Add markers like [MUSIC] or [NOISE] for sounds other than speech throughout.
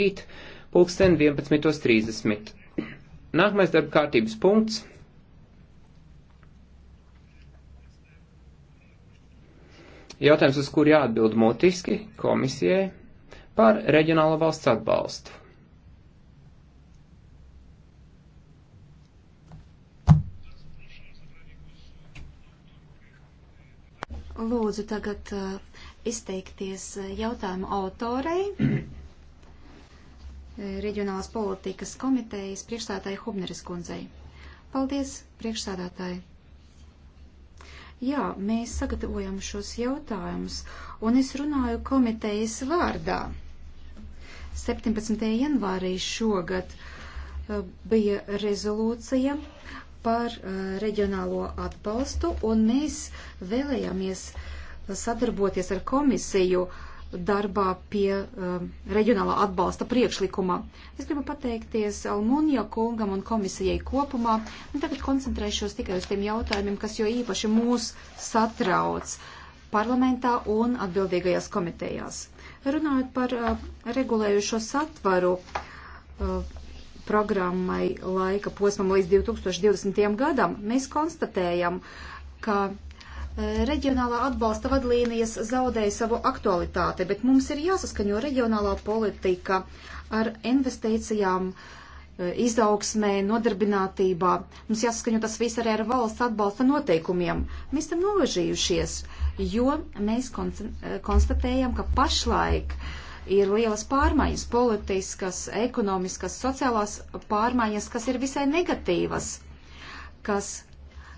rīt, pulksten 11.30. Nākamais darba kārtības punkts. Jautājums, uz kur jāatbild mutiski komisijai par reģionālo valsts atbalstu. Lūdzu tagad uh, izteikties uh, jautājumu autorei. [CLEARS THROAT] reģionālās politikas komitejas priekšstādātāji Hubneris kundzei. Paldies, priekšstādātāji! Jā, mēs sagatavojam šos jautājumus, un es runāju komitejas vārdā. 17. janvārī šogad uh, bija rezolūcija par uh, reģionālo atbalstu, un mēs vēlējāmies sadarboties ar komisiju uh, darbā pie um, reģionālā atbalsta priekšlikuma. Es gribu pateikties Almunija kungam un komisijai kopumā, un tagad koncentrēšos tikai uz tiem jautājumiem, kas jo īpaši mūs satrauc parlamentā un atbildīgajās komitejās. Runājot par uh, regulējušo satvaru uh, programmai laika posmam līdz 2020. gadam, mēs konstatējam, ka Reģionālā atbalsta vadlīnijas zaudēja savu aktualitāti, bet mums ir jāsaskaņo reģionālā politika ar investīcijām, e, izaugsmē, nodarbinātībā. Mums jāsaskaņo tas viss arī ar valsts atbalsta noteikumiem. Mēs tam novažījušies, jo mēs e, konstatējam, ka pašlaik ir lielas pārmaiņas, politiskas, ekonomiskas, sociālās pārmaiņas, kas ir visai negatīvas, kas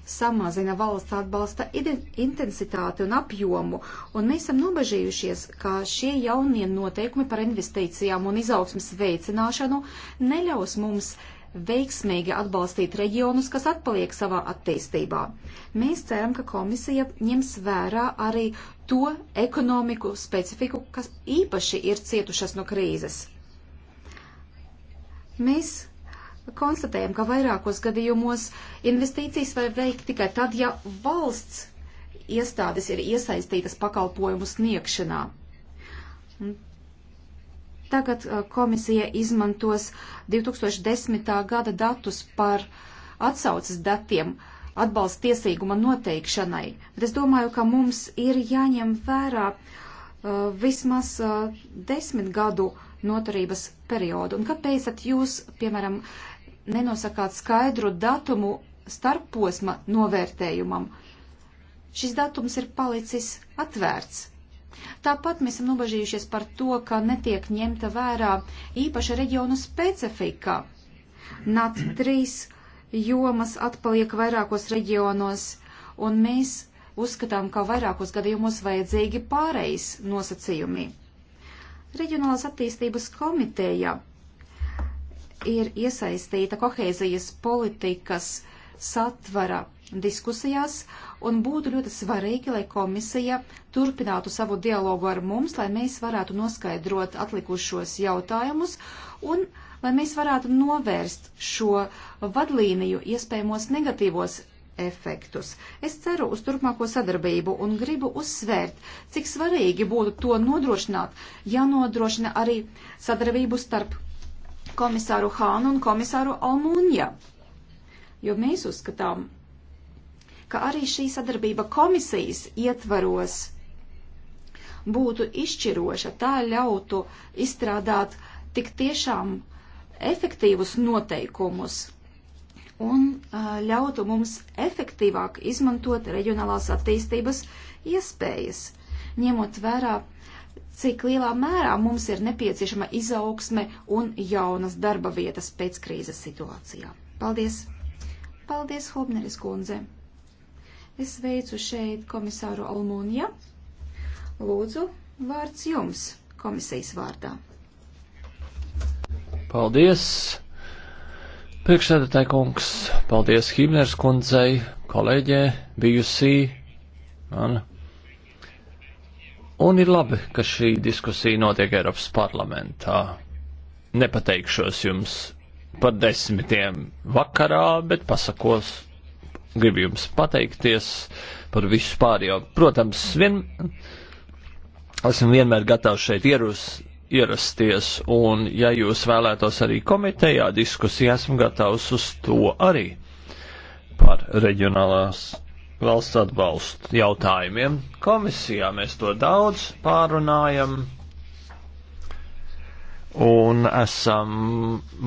samazina valsts atbalsta intensitāti un apjomu, un mēs esam nobežījušies, ka šie jaunie noteikumi par investīcijām un izaugsmas veicināšanu neļaus mums veiksmīgi atbalstīt reģionus, kas atpaliek savā attīstībā. Mēs ceram, ka komisija ņems vērā arī to ekonomiku specifiku, kas īpaši ir cietušas no krīzes. Mēs konstatējam, ka vairākos gadījumos investīcijas var veikt tikai tad, ja valsts iestādes ir iesaistītas pakalpojumu sniegšanā. Tagad uh, komisija izmantos 2010. gada datus par atsaucas datiem atbalsta tiesīguma noteikšanai, bet es domāju, ka mums ir jāņem vērā uh, vismaz uh, desmit gadu noturības periodu. Un kāpēc jūs, piemēram, nenosakāt skaidru datumu starposma novērtējumam. Šis datums ir palicis atvērts. Tāpat mēs esam nobažījušies par to, ka netiek ņemta vērā īpaša reģionu specifika. NAT 3 jomas atpaliek vairākos reģionos, un mēs uzskatām, ka vairākos gadījumos vajadzīgi pārejas nosacījumi. Reģionālās attīstības komiteja ir iesaistīta kohēzijas politikas satvara diskusijās, un būtu ļoti svarīgi, lai komisija turpinātu savu dialogu ar mums, lai mēs varētu noskaidrot atlikušos jautājumus un lai mēs varētu novērst šo vadlīniju iespējamos negatīvos efektus. Es ceru uz turpmāko sadarbību un gribu uzsvērt, cik svarīgi būtu to nodrošināt, ja nodrošina arī sadarbību starp komisāru Hānu un komisāru Almūņa, jo mēs uzskatām, ka arī šī sadarbība komisijas ietvaros būtu izšķiroša, tā ļautu izstrādāt tik tiešām efektīvus noteikumus un ļautu mums efektīvāk izmantot reģionālās attīstības iespējas, ņemot vērā cik lielā mērā mums ir nepieciešama izaugsme un jaunas darba vietas pēc krīzes situācijā. Paldies! Paldies, Hubneris kundze! Es veicu šeit komisāru Almūnija. Lūdzu, vārds jums komisijas vārdā. Paldies! Priekšsēdētāji kungs, paldies Himners kundzei, kolēģē, bijusī, man Un ir labi, ka šī diskusija notiek Eiropas parlamentā. Nepateikšos jums par desmitiem vakarā, bet pasakos, gribu jums pateikties par visu pārējo. Protams, vien, esmu vienmēr gatavs šeit ierus, ierasties, un ja jūs vēlētos arī komitejā diskusiju, esmu gatavs uz to arī par reģionālās valsts atbalstu jautājumiem. Komisijā mēs to daudz pārunājam un esam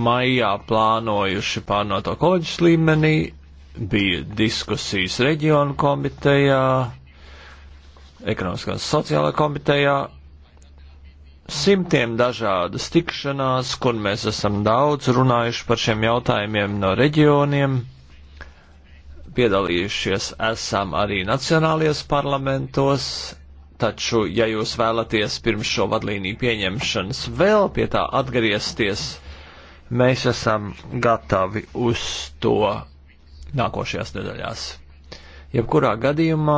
maijā plānojuši pārnoto koledžas līmenī, bija diskusijas reģionu komitejā, ekonomiskās sociālā komitejā, simtiem dažādas tikšanās, kur mēs esam daudz runājuši par šiem jautājumiem no reģioniem piedalījušies esam arī nacionālajos parlamentos, taču, ja jūs vēlaties pirms šo vadlīniju pieņemšanas vēl pie tā atgriezties, mēs esam gatavi uz to nākošajās nedēļās. Jebkurā gadījumā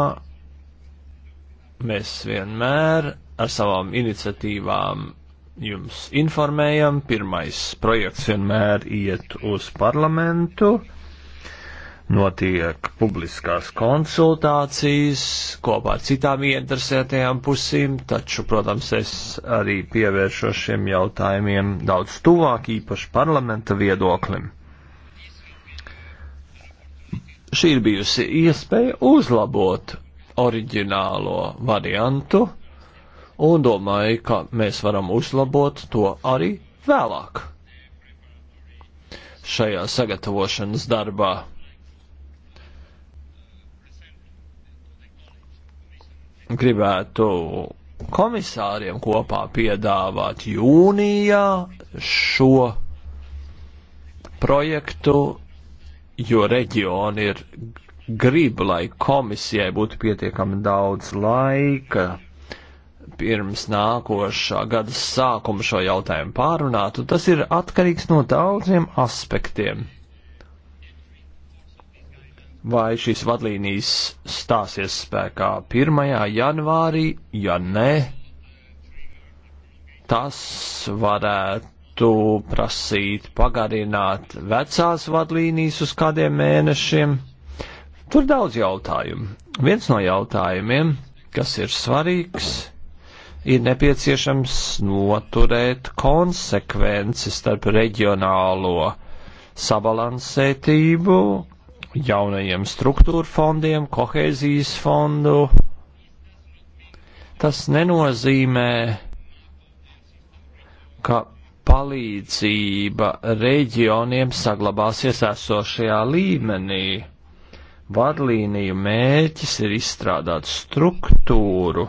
mēs vienmēr ar savām iniciatīvām jums informējam. Pirmais projekts vienmēr iet uz parlamentu Notiek publiskās konsultācijas kopā ar citām interesētajām pusīm, taču, protams, es arī pievēršos šiem jautājumiem daudz tuvāk, īpaši parlamenta viedoklim. Šī ir bijusi iespēja uzlabot oriģinālo variantu, un domāju, ka mēs varam uzlabot to arī vēlāk šajā sagatavošanas darbā. gribētu komisāriem kopā piedāvāt jūnijā šo projektu, jo reģioni ir grib, lai komisijai būtu pietiekami daudz laika pirms nākošā gada sākuma šo jautājumu pārunāt, un tas ir atkarīgs no daudziem aspektiem vai šīs vadlīnijas stāsies spēkā 1. janvārī, ja nē, tas varētu prasīt pagarināt vecās vadlīnijas uz kādiem mēnešiem. Tur daudz jautājumu. Viens no jautājumiem, kas ir svarīgs, ir nepieciešams noturēt konsekvenci starp reģionālo sabalansētību jaunajiem struktūra fondiem, kohēzijas fondu. Tas nenozīmē, ka palīdzība reģioniem saglabāsies esošajā līmenī. Vadlīniju mērķis ir izstrādāt struktūru,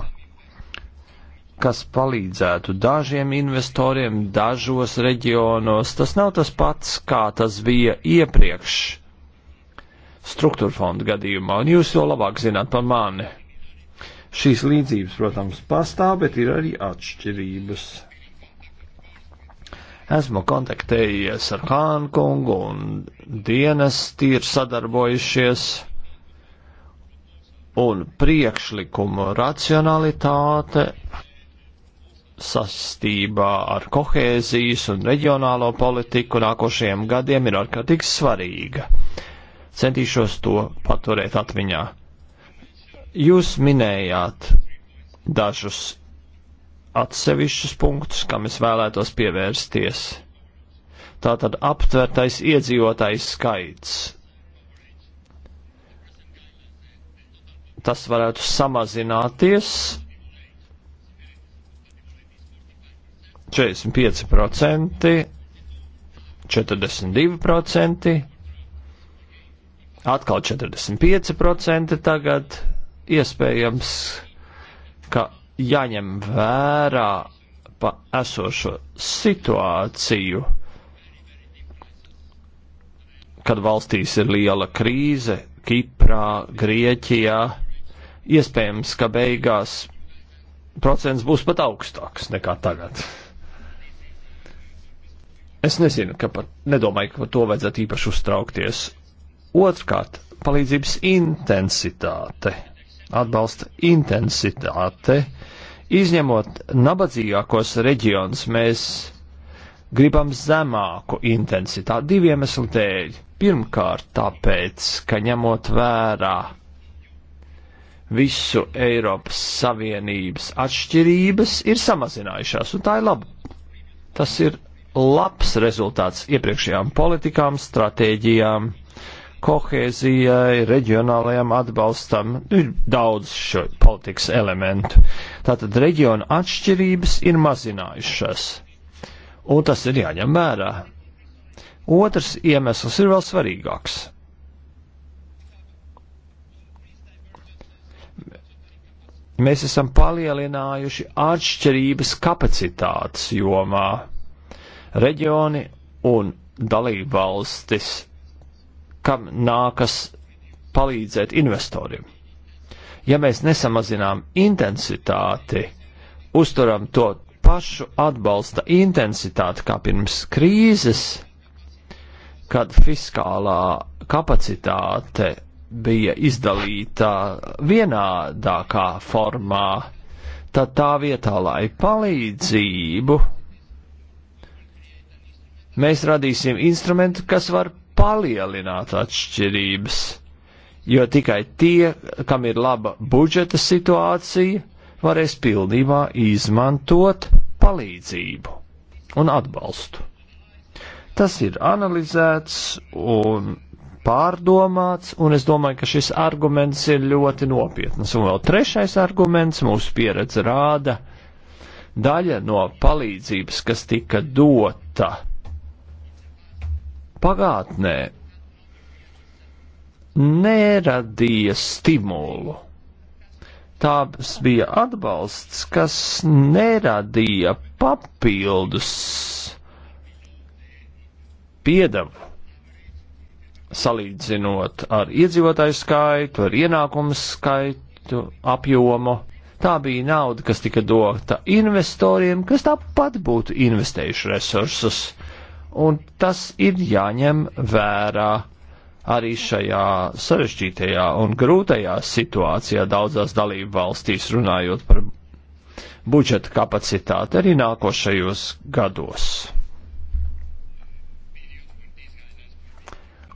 kas palīdzētu dažiem investoriem dažos reģionos. Tas nav tas pats, kā tas bija iepriekš struktūra fonda gadījumā, un jūs jau labāk zināt par mani. Šīs līdzības, protams, pastāv, bet ir arī atšķirības. Esmu kontaktējies ar Hānu kungu un dienas tīri sadarbojušies, un priekšlikumu racionalitāte sastībā ar kohēzijas un reģionālo politiku nākošajiem gadiem ir ārkārtīgi svarīga. Centīšos to paturēt atmiņā. Jūs minējāt dažus atsevišķus punktus, kam es vēlētos pievērsties. Tātad aptvertais iedzīvotājs skaits. Tas varētu samazināties 45%, 42%, atkal 45% tagad iespējams, ka jāņem vērā pa esošo situāciju, kad valstīs ir liela krīze, Kiprā, Grieķijā, iespējams, ka beigās procents būs pat augstāks nekā tagad. Es nezinu, ka par, nedomāju, ka par to vajadzētu īpaši uztraukties. Otrkārt, palīdzības intensitāte, atbalsta intensitāte, izņemot nabadzīgākos reģionus, mēs gribam zemāku intensitāti diviem iemeslu dēļ. Pirmkārt, tāpēc, ka ņemot vērā visu Eiropas Savienības atšķirības, ir samazinājušās, un tā ir laba. Tas ir labs rezultāts iepriekšējām politikām, stratēģijām kohēzijai, reģionālajam atbalstam. Ir daudz šo politikas elementu. Tātad reģiona atšķirības ir mazinājušas. Un tas ir jāņem vērā. Otrs iemesls ir vēl svarīgāks. Mēs esam palielinājuši atšķirības kapacitātes jomā. Reģioni un dalībvalstis kam nākas palīdzēt investoriem. Ja mēs nesamazinām intensitāti, uzturam to pašu atbalsta intensitāti kā pirms krīzes, kad fiskālā kapacitāte bija izdalīta vienādākā formā, tad tā vietā, lai palīdzību, mēs radīsim instrumentu, kas var palielināt atšķirības, jo tikai tie, kam ir laba budžeta situācija, varēs pilnībā izmantot palīdzību un atbalstu. Tas ir analizēts un pārdomāts, un es domāju, ka šis arguments ir ļoti nopietns. Un vēl trešais arguments mūsu pieredze rāda, daļa no palīdzības, kas tika dota pagātnē neradīja stimulu. Tās bija atbalsts, kas neradīja papildus piedevu. Salīdzinot ar iedzīvotāju skaitu, ar ienākumu skaitu, apjomu, tā bija nauda, kas tika dota investoriem, kas tāpat būtu investējuši resursus un tas ir jāņem vērā arī šajā sarežģītajā un grūtajā situācijā daudzās dalību valstīs runājot par budžeta kapacitāti arī nākošajos gados,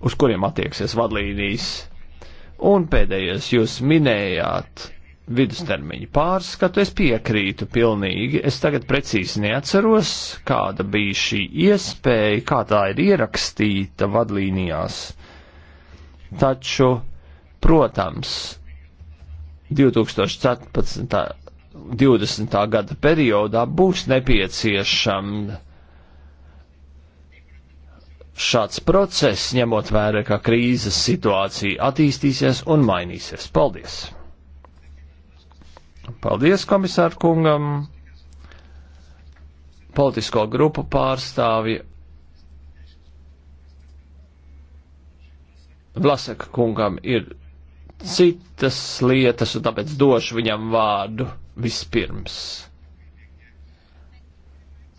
uz kuriem attieksies vadlīnijas. Un pēdējais jūs minējāt vidustermiņu pārskatu. Es piekrītu pilnīgi. Es tagad precīzi neatceros, kāda bija šī iespēja, kā tā ir ierakstīta vadlīnijās. Taču, protams, 2014. 20. gada periodā būs nepieciešams šāds process, ņemot vērā, ka krīzes situācija attīstīsies un mainīsies. Paldies! Paldies komisāru kungam. Politisko grupu pārstāvi Vlaseka kungam ir citas lietas, un tāpēc došu viņam vārdu vispirms.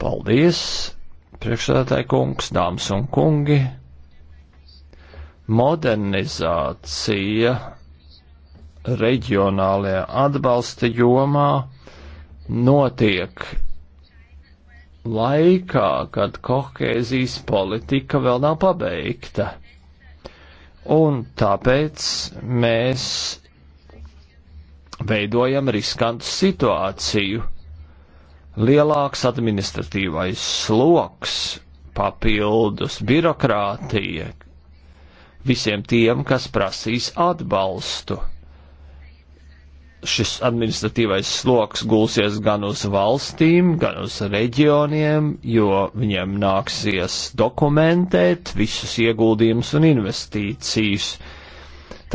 Paldies, priekšsēdētāji kungs, dāmas un kungi. Modernizācija reģionālajā atbalsta jomā notiek laikā, kad kohēzijas politika vēl nav pabeigta. Un tāpēc mēs veidojam riskantu situāciju. Lielāks administratīvais sloks, papildus birokrātija visiem tiem, kas prasīs atbalstu šis administratīvais sloks gulsies gan uz valstīm, gan uz reģioniem, jo viņiem nāksies dokumentēt visus ieguldījumus un investīcijas.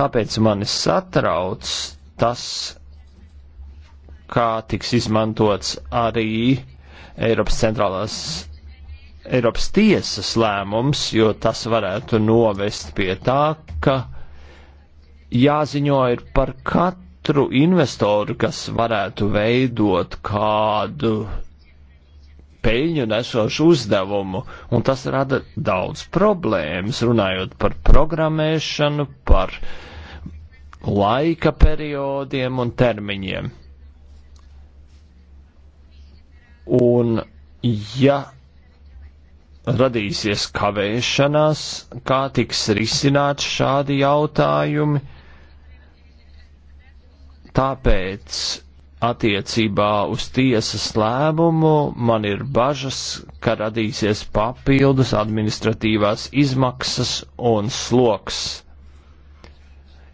Tāpēc mani satrauc tas, kā tiks izmantots arī Eiropas centrālās Eiropas tiesas lēmums, jo tas varētu novest pie tā, ka jāziņo ir par katru katru investoru, kas varētu veidot kādu peļņu nesošu uzdevumu, un tas rada daudz problēmas, runājot par programmēšanu, par laika periodiem un termiņiem. Un ja radīsies kavēšanās, kā tiks risināts šādi jautājumi, Tāpēc attiecībā uz tiesas lēmumu man ir bažas, ka radīsies papildus administratīvās izmaksas un sloks.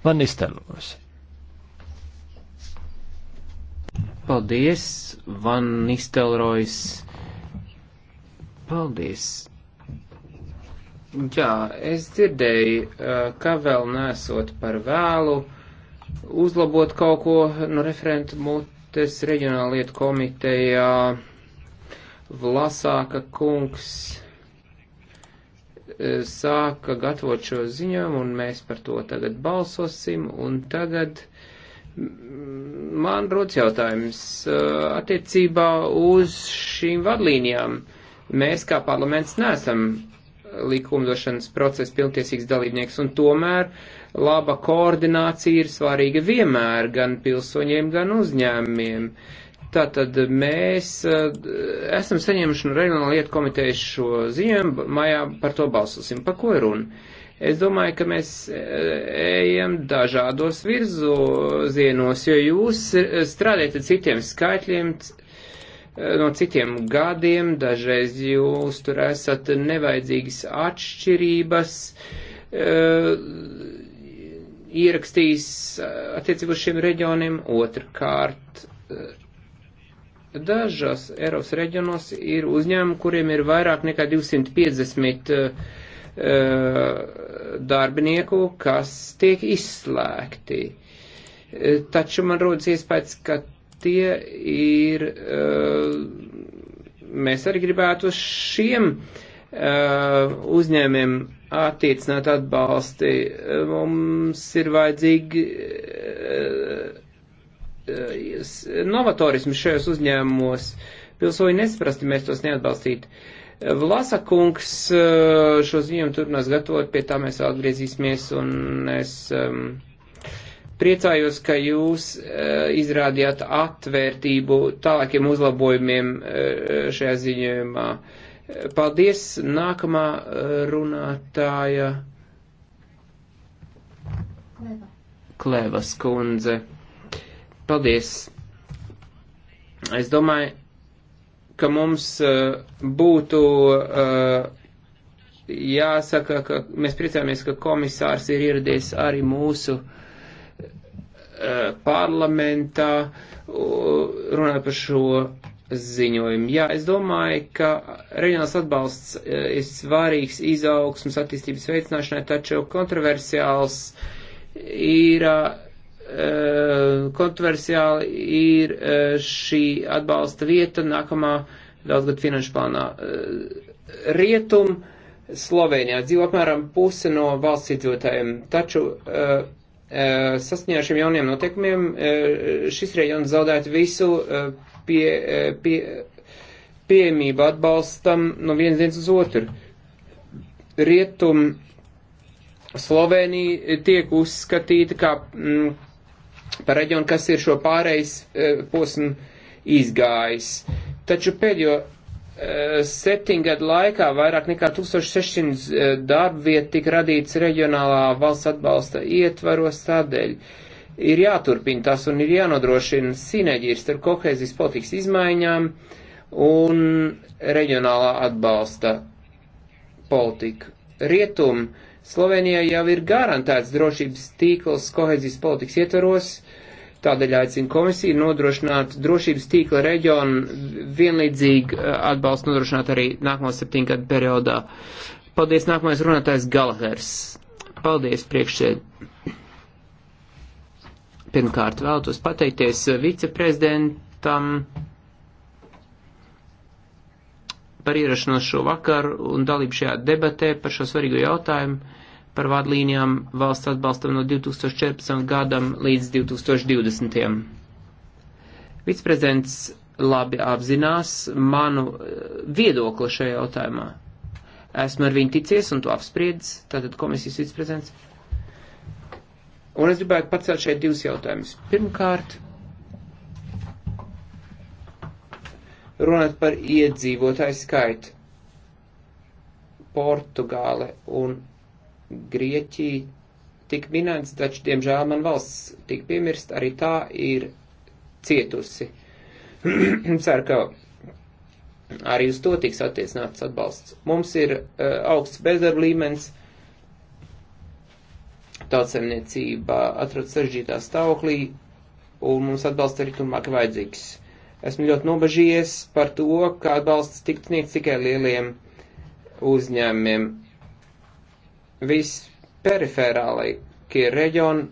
Van Nistelrojs. Paldies, Van Nistelrojs. Paldies. Jā, es dzirdēju, uh, ka vēl nesot par vēlu uzlabot kaut ko no referentu mutes reģionāla lietu komitejā. Vlasāka kungs e, sāka gatavot šo ziņojumu, un mēs par to tagad balsosim, un tagad man rodas jautājums e, attiecībā uz šīm vadlīnijām. Mēs kā parlaments neesam likumdošanas procesa pilntiesīgs dalībnieks, un tomēr laba koordinācija ir svarīga vienmēr gan pilsoņiem, gan uzņēmumiem. Tātad mēs eh, esam saņēmuši no Reģionāla lietu komitejas šo ziņojumu, maijā par to balsosim. Pa ko ir runa? Es domāju, ka mēs eh, ejam dažādos virzienos, jo jūs eh, strādājat ar citiem skaitļiem, no citiem gadiem, dažreiz jūs tur esat nevajadzīgas atšķirības eh, ierakstījis eh, attiecībā uz šiem reģioniem. Otrkārt, eh, dažos Eiropas reģionos ir uzņēmumi, kuriem ir vairāk nekā 250 uh, darbinieku, kas tiek izslēgti. Taču man rodas iespējas, ka tie ir, eh, mēs arī gribētu uz šiem eh, uzņēmiem attiecināt atbalsti. Mums ir vajadzīgi eh, novatorismu šajos uzņēmumos. Pilsoņi nesaprast, ja mēs tos neatbalstītu. Vlasa kungs šo ziņojumu turpinās gatavot, pie tā mēs atgriezīsimies un es. Um, Priecājos, ka jūs eh, izrādījāt atvērtību tālākiem uzlabojumiem eh, šajā ziņojumā. Paldies, nākamā eh, runātāja. Kleva. Klevas kundze. Paldies. Es domāju, ka mums uh, būtu uh, jāsaka, ka mēs priecājamies, ka komisārs ir ieradies arī mūsu Eh, parlamentā runāt par šo ziņojumu. Jā, es domāju, ka reģionāls atbalsts eh, ir svarīgs izaugsmas attīstības veicināšanai, taču kontroversiāls ir eh, kontroversiāli ir šī atbalsta vieta nākamā daudzgad finanšu plānā. Rietum Slovenijā dzīvo apmēram puse no valsts iedzīvotājiem, taču uh, saskaņā ar šiem jauniem noteikumiem šis reģions zaudētu visu pie, pie, pieejamību atbalstam no vienas dienas uz otru. Rietum Slovenija tiek uzskatīta kā m, mm, par reģionu, kas ir šo pārejas posmu izgājis. Taču pēdējo Eh, septiņgadu laikā vairāk nekā 1600 eh, darba vietu tika radīts reģionālā valsts atbalsta ietvaros tādēļ. Ir jāturpina tas un ir jānodrošina sinerģijas starp kohēzijas politikas izmaiņām un reģionālā atbalsta politiku. Rietum Slovenijai jau ir garantēts drošības tīkls kohēzijas politikas ietvaros, Tādēļ aicinu komisiju nodrošināt drošības tīkla reģionu vienlīdzīgi eh, atbalstu nodrošināt arī nākamo septiņgadu periodā. Paldies, nākamais runātājs Galahers. Paldies, priekšsēd. Pirmkārt, vēlos pateikties eh, viceprezidentam par ierašanos šo vakaru un dalību šajā debatē par šo svarīgo jautājumu par vadlīnijām valsts atbalstam no 2014. gadam līdz 2020. Viceprezidents labi apzinās manu eh, viedokli šajā jautājumā. Esmu ar viņu ticies un to apspriedis, tātad komisijas viceprezidents. Un es gribētu pacelt šeit divus jautājumus. Pirmkārt, runāt par iedzīvotāju skaitu. Portugāle un Grieķija tik minēts, taču, diemžēl, man valsts tik piemirst, arī tā ir cietusi. [CLEARS THROAT] Ceru, ka arī uz to tiks attiecināts atbalsts. Mums ir uh, augsts bezdarba līmenis, tautsemniecība atrodas sarežģītā stāvoklī, un mums atbalsts arī turmāk vajadzīgs. Esmu ļoti nobažījies par to, ka atbalsts tiks sniegts tikai lieliem uzņēmumiem visperiferālākie reģioni eh,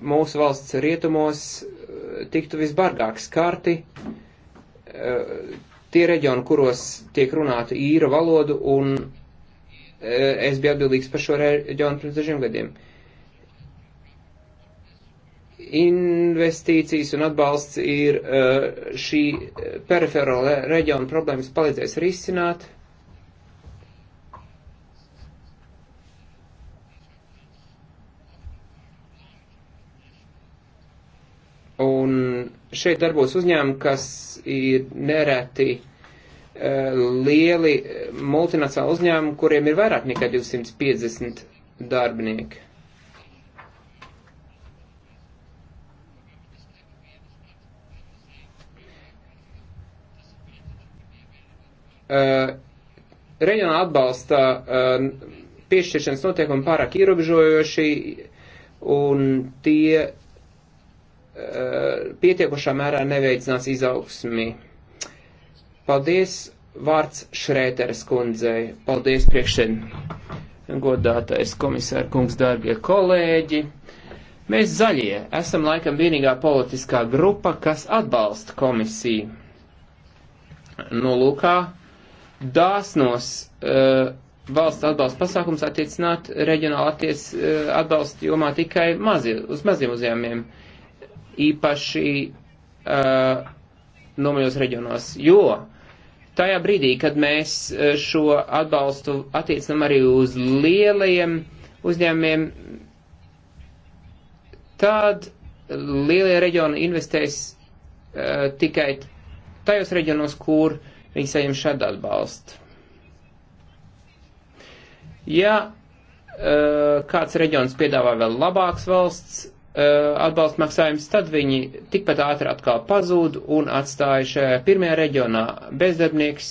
mūsu valsts rietumos eh, tiktu visbargāk skarti eh, tie reģioni, kuros tiek runāta īra valodu, un es biju atbildīgs par šo reģionu pirms dažiem gadiem. Investīcijas un atbalsts ir šī periferāla reģiona problēmas palīdzēs risināt. šeit darbos uzņēmumi, kas ir nereti e, lieli e, multinacionāli uzņēmumi, kuriem ir vairāk nekā 250 darbinieki. Uh, reģionāla atbalsta uh, piešķiršanas noteikumi pārāk ierobežojoši un tie Eh, pietiekošā mērā neveicinās izaugsmi. Paldies vārds Šrēteres kundzei. Paldies priekšēn godātais komisāra kungs, dārgie kolēģi. Mēs zaļie esam laikam vienīgā politiskā grupa, kas atbalsta komisiju. Nolūkā nu, dāsnos uh, valsts atbalsta pasākums attiecināt reģionāli attiec, uh, eh, atbalsta jomā tikai mazi, uz maziem uzņēmumiem. Uh, īpaši uh, nomajos reģionos, jo tajā brīdī, kad mēs uh, šo atbalstu attiecinam arī uz lielajiem uzņēmumiem, tad lielie reģioni investēs uh, tikai tajos reģionos, kur viņi saņem šādu atbalstu. Ja uh, kāds reģions piedāvā vēl labāks valsts Eh, atbalsta maksājums, tad viņi tikpat ātri atkal pazūd un atstāja šajā pirmajā reģionā bezdarbnieks.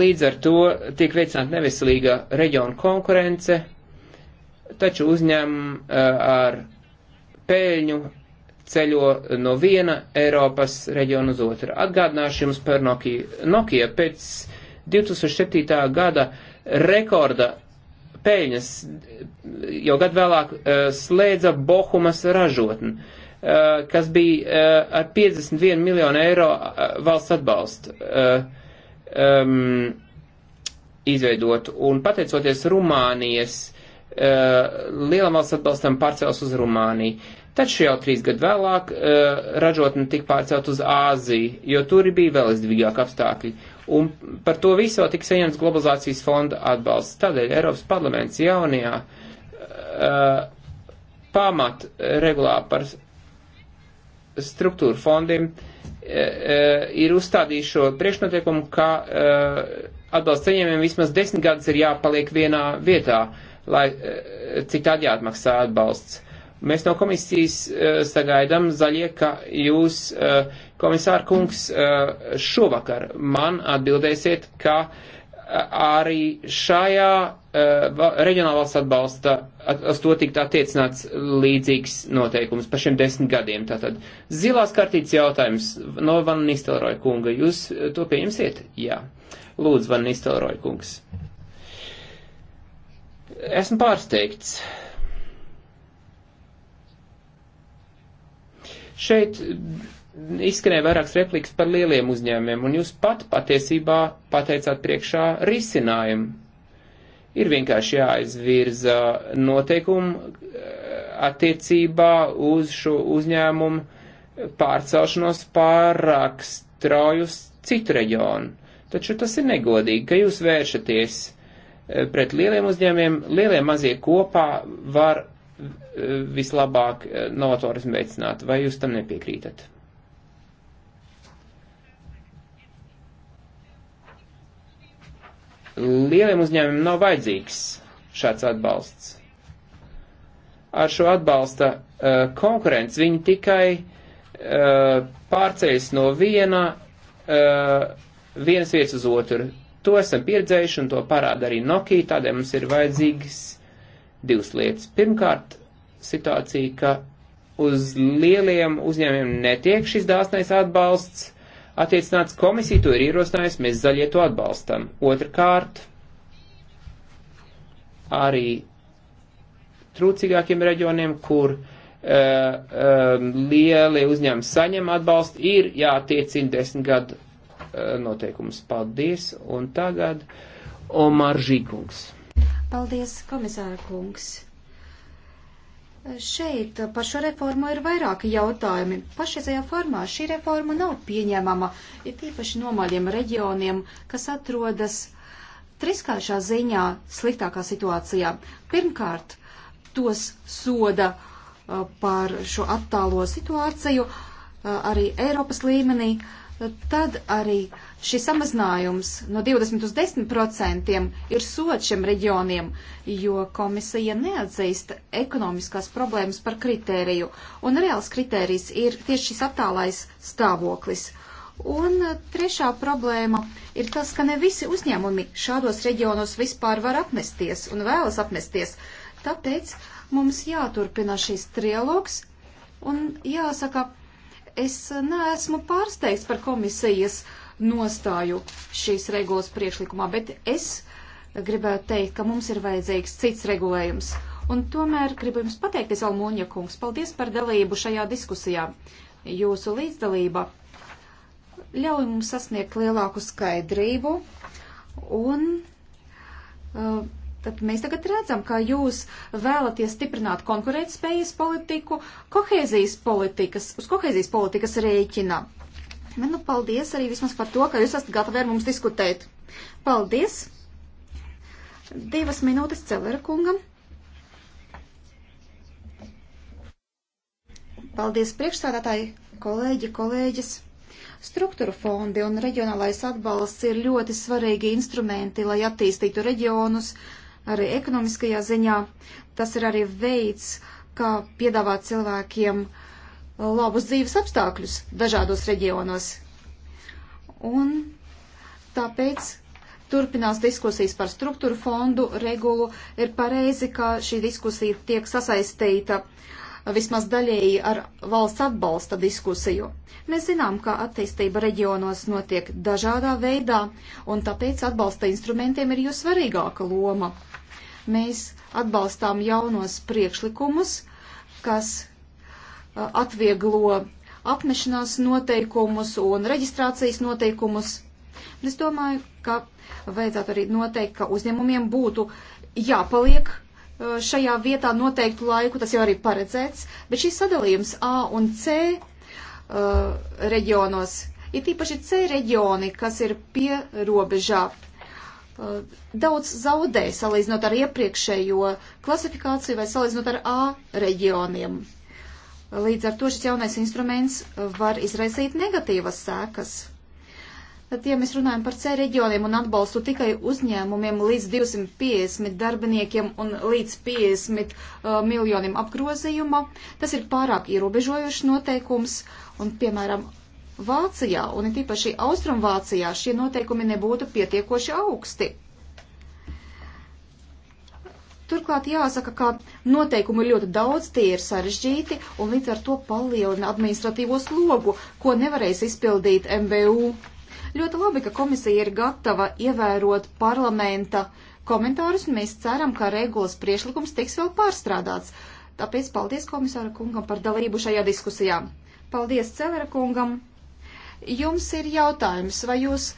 Līdz ar to tiek veicināta neveselīga reģiona konkurence, taču uzņēmumi eh, ar pēļņu ceļo no viena Eiropas reģiona uz otru. Atgādināšu jums par Nokia. Nokia pēc 2007. gada rekorda peļņas. Jau gadu vēlāk eh, slēdza Bohumas ražotni, eh, kas bija eh, ar 51 miljonu eiro valsts atbalstu um, izveidot. Un pateicoties Rumānijas lielam valsts atbalstam pārcēlus uz Rumāniju. Taču jau trīs gadu vēlāk ražotni tika pārcelt uz Āziju, jo tur bija vēl izdevīgāk apstākļi. Uh, Un par to visu vēl tiks saņemts globalizācijas fonda atbalsts. Tādēļ Eiropas parlaments jaunajā uh, pamat regulā par struktūru fondiem uh, uh, ir uzstādījis šo priekšnotiekumu, ka uh, atbalsta saņēmējiem vismaz desmit gadus ir jāpaliek vienā vietā, lai uh, citādi jāatmaksā atbalsts. Uh, Mēs no komisijas eh, sagaidām zaļie, ka jūs, eh, komisāra kungs, eh, šovakar man atbildēsiet, ka arī šajā reģionālās atbalsta, uz to tikt attiecināts līdzīgs noteikums par šiem desmit gadiem. Tātad zilās kartītes jautājums no Van Nistelroja kunga. Jūs to pieņemsiet? Jā. Lūdzu, Van Nistelroja kungs. Esmu pārsteigts Šeit izskanēja vairākas replikas par lieliem uzņēmumiem, un jūs pat patiesībā pateicāt priekšā risinājumu. Ir vienkārši jāizvirza noteikumu eh, attiecībā uz šo uzņēmumu pārcelšanos pārāk strauju uz citu reģionu. Taču tas ir negodīgi, ka jūs vēršaties eh, pret lieliem uzņēmiem, lielie mazie kopā var vislabāk eh, novatorismu veicināt. Vai jūs tam nepiekrītat? Lieliem uzņēmumiem nav vajadzīgs šāds atbalsts. Ar šo atbalsta uh, eh, konkurence viņi tikai uh, pārceļas no viena, uh, vienas vietas uz otru. To esam pieredzējuši un to parāda arī Nokia, tādēļ mums ir vajadzīgs uh, divas lietas. Pirmkārt, situācija, ka uz lieliem uzņēmiem netiek šis dāsnais atbalsts attiecināts komisija, to ir ierosinājusi, mēs zaļie to atbalstam. Otrakārt, arī trūcīgākiem reģioniem, kur uh, uh, lielie uzņēmumi saņem atbalstu, ir jātiecina desmit gadu uh, noteikums. Paldies, un tagad Omar Žīkungs. Paldies, komisāra kungs. Šeit par šo reformu ir vairāki jautājumi. Pašreizajā formā šī reforma nav pieņemama, ir tīpaši nomaļiem reģioniem, kas atrodas triskāršā ziņā sliktākā situācijā. Pirmkārt, tos soda uh, par šo attālo situāciju uh, arī Eiropas līmenī, tad arī Šis samazinājums no 20 uz 10 procentiem ir sots šiem reģioniem, jo komisija neatzīst ekonomiskās problēmas par kritēriju, un reāls kritērijs ir tieši šis attālais stāvoklis. Un uh, trešā problēma ir tas, ka ne visi uzņēmumi šādos reģionos vispār var apmesties un vēlas apmesties. Tāpēc mums jāturpina šis trialogs un jāsaka, es uh, neesmu pārsteigts par komisijas uh, nostāju šīs regulas priekšlikumā, bet es gribētu teikt, ka mums ir vajadzīgs cits regulējums. Un tomēr gribu jums pateikties, Almūņa kungs, paldies par dalību šajā diskusijā. Jūsu līdzdalība ļauj mums sasniegt lielāku skaidrību un uh, Tad mēs tagad redzam, ka jūs vēlaties stiprināt konkurētspējas politiku, kohēzijas politikas, uz kohēzijas politikas rēķina. Bet, nu, paldies arī vismaz par to, ka jūs esat gatavi ar mums diskutēt. Paldies! Divas minūtes Celera kungam. Paldies priekšstādātāji, kolēģi, kolēģis. Struktūra fondi un reģionālais atbalsts ir ļoti svarīgi instrumenti, lai attīstītu reģionus arī ekonomiskajā ziņā. Tas ir arī veids, kā piedāvāt cilvēkiem uh, labus dzīves apstākļus dažādos reģionos. Un tāpēc turpinās diskusijas par struktūru fondu regulu. Ir pareizi, ka šī diskusija tiek sasaistīta vismaz daļēji ar valsts atbalsta diskusiju. Mēs zinām, ka attīstība reģionos notiek dažādā veidā, un tāpēc atbalsta instrumentiem ir jo svarīgāka loma. Mēs atbalstām jaunos priekšlikumus, kas atvieglo apmešanās noteikumus un reģistrācijas noteikumus. Es domāju, ka vajadzētu arī noteikt, ka uzņēmumiem būtu jāpaliek šajā vietā noteiktu laiku, tas jau arī paredzēts, bet šis sadalījums A un C uh, reģionos, ir tīpaši C reģioni, kas ir pie robežā, uh, daudz zaudē salīdzinot ar iepriekšējo klasifikāciju vai salīdzinot ar A reģioniem. Uh, Līdz ar to šis jaunais instruments var izraisīt negatīvas sēkas. Tad, ja mēs runājam par C reģioniem un atbalstu tikai uzņēmumiem līdz 250 darbiniekiem un līdz 50 uh, miljoniem apgrozījuma, tas ir pārāk ierobežojošs noteikums. Un, piemēram, Vācijā un it īpaši Austrumvācijā šie noteikumi nebūtu pietiekoši augsti. Turklāt jāsaka, ka noteikumi ļoti daudz, tie ir sarežģīti un līdz ar to palielina administratīvo slogu, ko nevarēs izpildīt MVU. Ļoti labi, ka komisija ir gatava ievērot parlamenta komentārus, un mēs ceram, ka regulas priešlikums tiks vēl pārstrādāts. Tāpēc paldies komisāra kungam par dalību šajā diskusijā. Paldies Celera kungam. Jums ir jautājums, vai jūs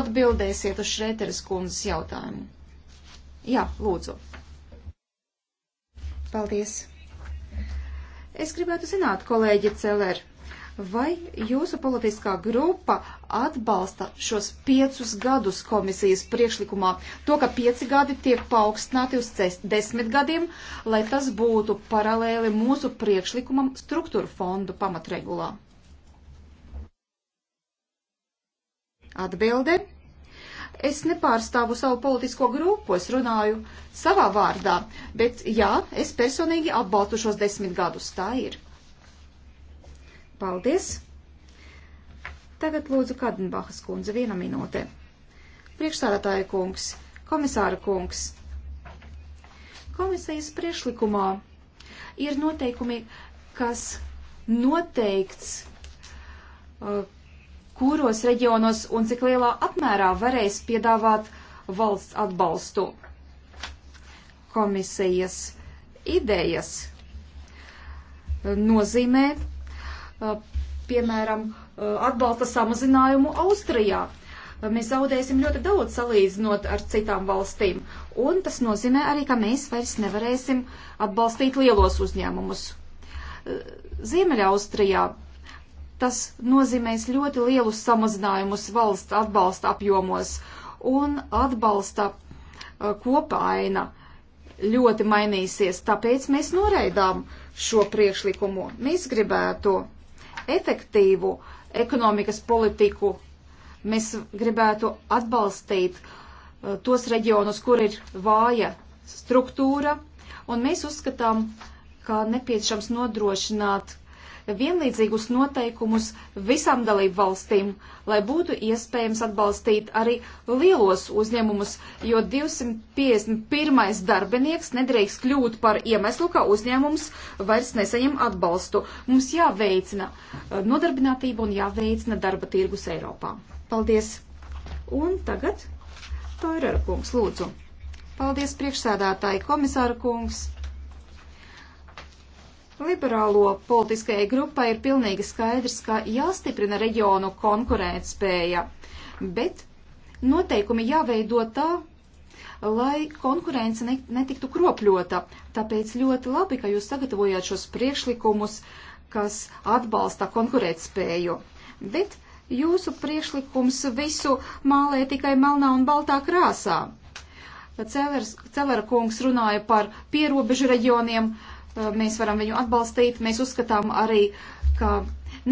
atbildēsiet uz Šreiteres kundzes jautājumu? Jā, lūdzu. Paldies! Es gribētu zināt, kolēģi Celer, vai jūsu politiskā grupa atbalsta šos piecus gadus komisijas priekšlikumā, to, ka pieci gadi tiek paaugstināti uz desmit gadiem, lai tas būtu paralēli mūsu priekšlikumam struktūra fondu pamatregulā? Atbilde. Es nepārstāvu savu politisko grupu, es runāju savā vārdā, bet jā, es personīgi atbalstu šos desmit gadus. Tā ir. Paldies! Tagad lūdzu Kadenbahas kundze viena minūte. Priekšstādātāja kungs, komisāra kungs. Komisijas priešlikumā ir noteikumi, kas noteikts, uh, kuros reģionos un cik lielā apmērā varēs piedāvāt valsts atbalstu. Komisijas idejas nozīmē, piemēram, atbalsta samazinājumu Austrijā. Mēs zaudēsim ļoti daudz salīdzinot ar citām valstīm, un tas nozīmē arī, ka mēs vairs nevarēsim atbalstīt lielos uzņēmumus. Ziemeļa Austrijā tas nozīmēs ļoti lielus samazinājumus valsts atbalsta apjomos un atbalsta uh, kopaina ļoti mainīsies. Tāpēc mēs noraidām šo priekšlikumu. Mēs gribētu efektīvu ekonomikas politiku. Mēs gribētu atbalstīt uh, tos reģionus, kur ir vāja struktūra, un mēs uzskatām, ka nepieciešams nodrošināt vienlīdzīgus noteikumus visām dalību valstīm, lai būtu iespējams atbalstīt arī lielos uzņēmumus, jo 251. darbinieks nedrīkst kļūt par iemeslu, ka uzņēmums vairs nesaņem atbalstu. Mums jāveicina uh, nodarbinātība un jāveicina darba tirgus Eiropā. Paldies! Un tagad Toirera kungs, lūdzu. Paldies priekšsēdātāji komisāra kungs. Liberālo politiskajai grupai ir pilnīgi skaidrs, ka jāstiprina reģionu konkurētspēja, bet noteikumi jāveido tā, lai konkurence netiktu kropļota. Tāpēc ļoti labi, ka jūs sagatavojāt šos priekšlikumus, kas atbalsta konkurētspēju. Bet jūsu priekšlikums visu mālē tikai melnā un baltā krāsā. Celera kungs runāja par pierobežu reģioniem, uh, Eh, mēs varam viņu atbalstīt. Mēs uzskatām arī, ka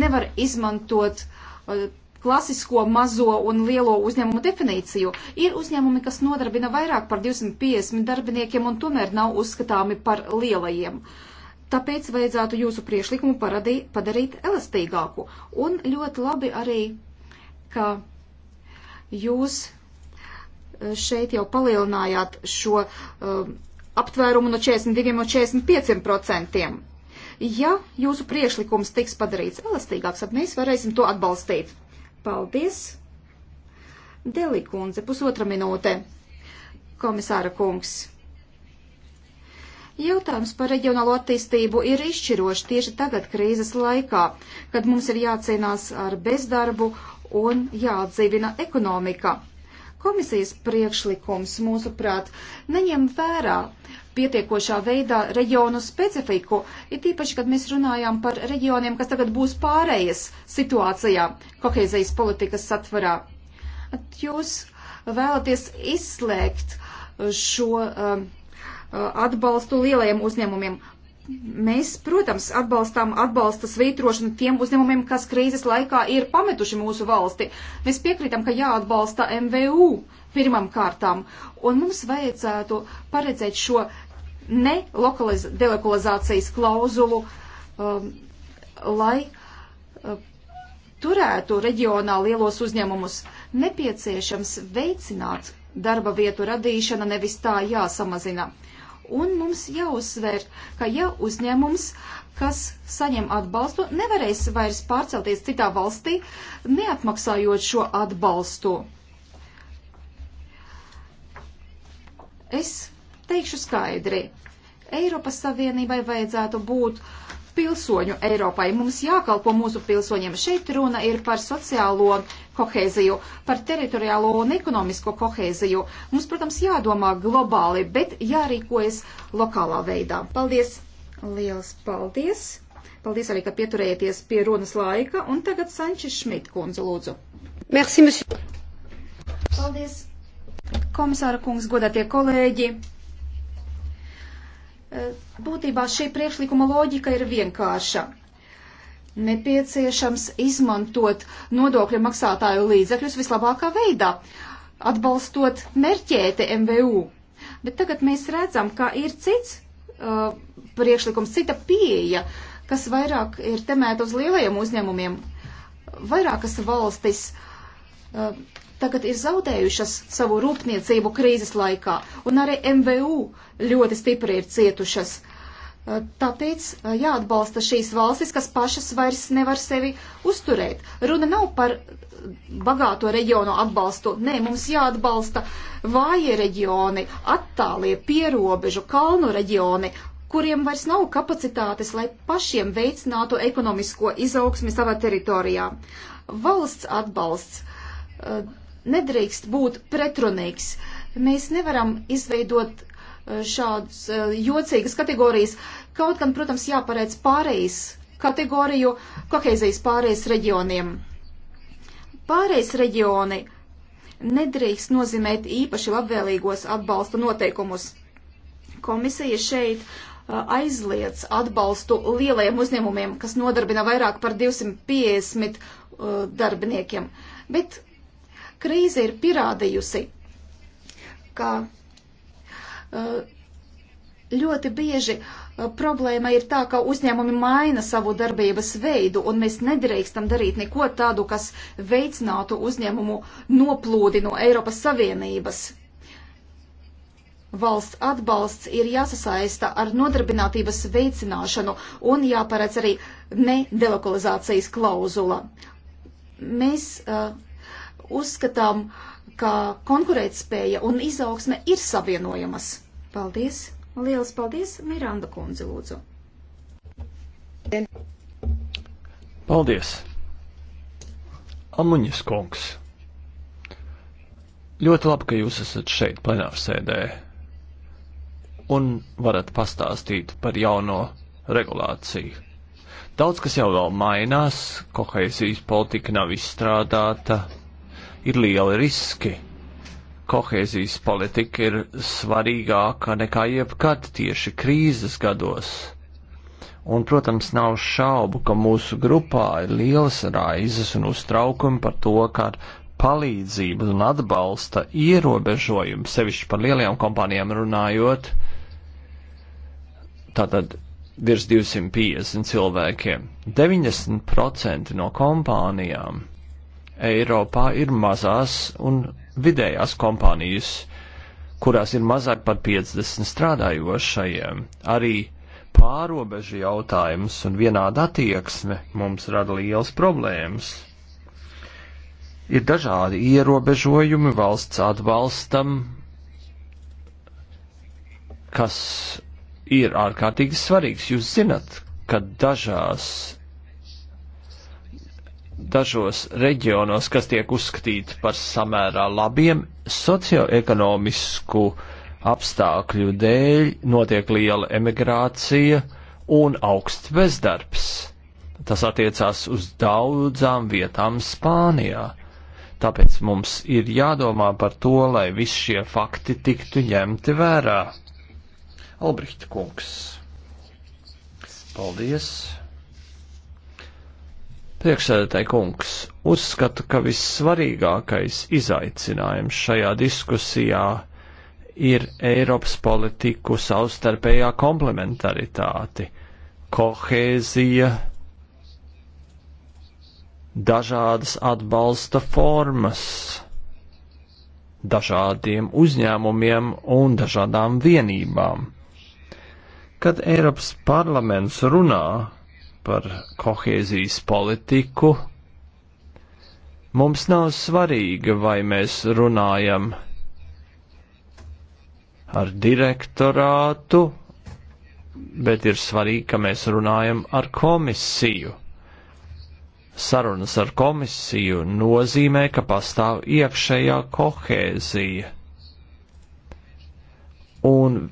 nevar izmantot eh, klasisko mazo un lielo uzņēmumu definīciju. Ir uzņēmumi, kas nodarbina vairāk par 250 darbiniekiem un tomēr nav uzskatāmi par lielajiem. Tāpēc vajadzētu jūsu priešlikumu paradī, padarīt elastīgāku. Un ļoti labi arī, ka jūs eh, šeit jau palielinājāt šo um, aptvērumu no 42 un 45 procentiem. Ja jūsu priešlikums tiks padarīts elastīgāks, tad mēs varēsim to atbalstīt. Paldies! Delī kundze, pusotra minūte. Komisāra kungs. Jautājums par reģionālo attīstību ir izšķiroši tieši tagad krīzes laikā, kad mums ir jācīnās ar bezdarbu un jāatdzīvina ekonomika. Komisijas priekšlikums, mūsuprāt, neņem vērā pietiekošā veidā reģionu specifiku, ir tīpaši, kad mēs runājām par reģioniem, kas tagad būs pārējas situācijā kohēzijas politikas satvarā. At jūs vēlaties izslēgt šo um, uh, atbalstu lielajiem uzņēmumiem. Mēs, protams, atbalstām atbalsta svītrošanu tiem uzņēmumiem, kas krīzes laikā ir pametuši mūsu valsti. Mēs piekrītam, ka jāatbalsta MVU pirmam kārtām, un mums vajadzētu paredzēt šo nelokalizācijas klauzulu, um, lai uh, turētu reģionā lielos uzņēmumus. Nepieciešams veicināt darba vietu radīšana, nevis tā jāsamazina. Uh, un mums jāuzsver, ka ja uzņēmums, kas saņem atbalstu, nevarēs vairs pārcelties citā valstī, neatmaksājot šo atbalstu. Es teikšu skaidri. Eiropas Savienībai vajadzētu būt pilsoņu Eiropai. Mums jākalpo mūsu pilsoņiem. Šeit runa ir par sociālo kohēziju, par teritoriālo un ekonomisko kohēziju. Mums, protams, jādomā globāli, bet jārīkojas lokālā veidā. Paldies! Liels paldies! Paldies arī, ka pieturējieties pie runas laika. Un tagad Sančis Šmit, kundze, lūdzu. Merci, monsieur. Paldies! Komisāra kungs, godātie kolēģi! Būtībā šī priekšlikuma loģika ir vienkārša nepieciešams izmantot nodokļu maksātāju līdzekļus vislabākā veidā, atbalstot mērķēti MVU. Bet tagad mēs redzam, ka ir cits uh, priekšlikums, cita pieeja, kas vairāk ir temēta uz lielajiem uzņēmumiem. Vairākas valstis uh, tagad ir zaudējušas savu rūpniecību krīzes laikā, un arī MVU ļoti stipri ir cietušas. Uh, Tāpēc jāatbalsta šīs valstis, kas pašas vairs nevar sevi uzturēt. Runa nav par bagāto reģionu atbalstu. Nē, mums jāatbalsta vāji reģioni, attālie pierobežu kalnu reģioni, kuriem vairs nav kapacitātes, lai pašiem veicinātu ekonomisko izaugsmi savā teritorijā. Valsts atbalsts nedrīkst būt pretrunīgs. Mēs nevaram izveidot šādas e, jocīgas kategorijas. Kaut gan, protams, jāpareic pārējais kategoriju kohēzijas pārējais reģioniem. Pārējais reģioni nedrīkst nozīmēt īpaši labvēlīgos atbalsta noteikumus. Komisija šeit e, aizliedz atbalstu lielajiem uzņēmumiem, kas nodarbina vairāk par 250 e, darbiniekiem. Bet krīze ir pierādījusi, ka Eh, ļoti bieži eh, problēma ir tā, ka uzņēmumi maina savu darbības veidu, un mēs nedrīkstam darīt neko tādu, kas veicinātu uzņēmumu noplūdi no Eiropas Savienības. Valsts atbalsts ir jāsasaista ar nodarbinātības veicināšanu un jāparedz arī nedevakalizācijas klauzula. Mēs uh, uzskatām, uh, ka konkurētspēja un izaugsme ir savienojamas. Paldies! Lielas paldies, Miranda kundze, lūdzu! Paldies! Amuņas kungs! Ļoti labi, ka jūs esat šeit plenārsēdē un varat pastāstīt par jauno regulāciju. Daudz kas jau vēl mainās, kohēzijas politika nav izstrādāta, ir lieli riski. Kohēzijas politika ir svarīgāka nekā jebkad tieši krīzes gados. Un, protams, nav šaubu, ka mūsu grupā ir lielas raizes un uztraukumi par to, ka palīdzība un atbalsta ierobežojumi, sevišķi par lielajām kompānijām runājot, tātad virs 250 cilvēkiem. 90% no kompānijām Eiropā ir mazās un vidējās kompānijas, kurās ir mazāk par 50 strādājošajiem. Arī pārobežu jautājums un vienāda attieksme mums rada liels problēmas. Ir dažādi ierobežojumi valsts atbalstam, kas ir ārkārtīgi svarīgs. Jūs zinat, ka dažās dažos reģionos, kas tiek uzskatīti par samērā labiem, socioekonomisku apstākļu dēļ notiek liela emigrācija un augsts bezdarbs. Tas attiecās uz daudzām vietām Spānijā. Tāpēc mums ir jādomā par to, lai visi šie fakti tiktu ņemti vērā. Albrihta kungs. Paldies! Priekšsēdētāji kungs, uzskatu, ka vissvarīgākais izaicinājums šajā diskusijā ir Eiropas politiku savstarpējā komplementaritāte, kohēzija, dažādas atbalsta formas dažādiem uzņēmumiem un dažādām vienībām. Kad Eiropas parlaments runā par kohēzijas politiku, mums nav svarīga, vai mēs runājam ar direktorātu, bet ir svarīgi, ka mēs runājam ar komisiju. Sarunas ar komisiju nozīmē, ka pastāv iekšējā kohēzija. Un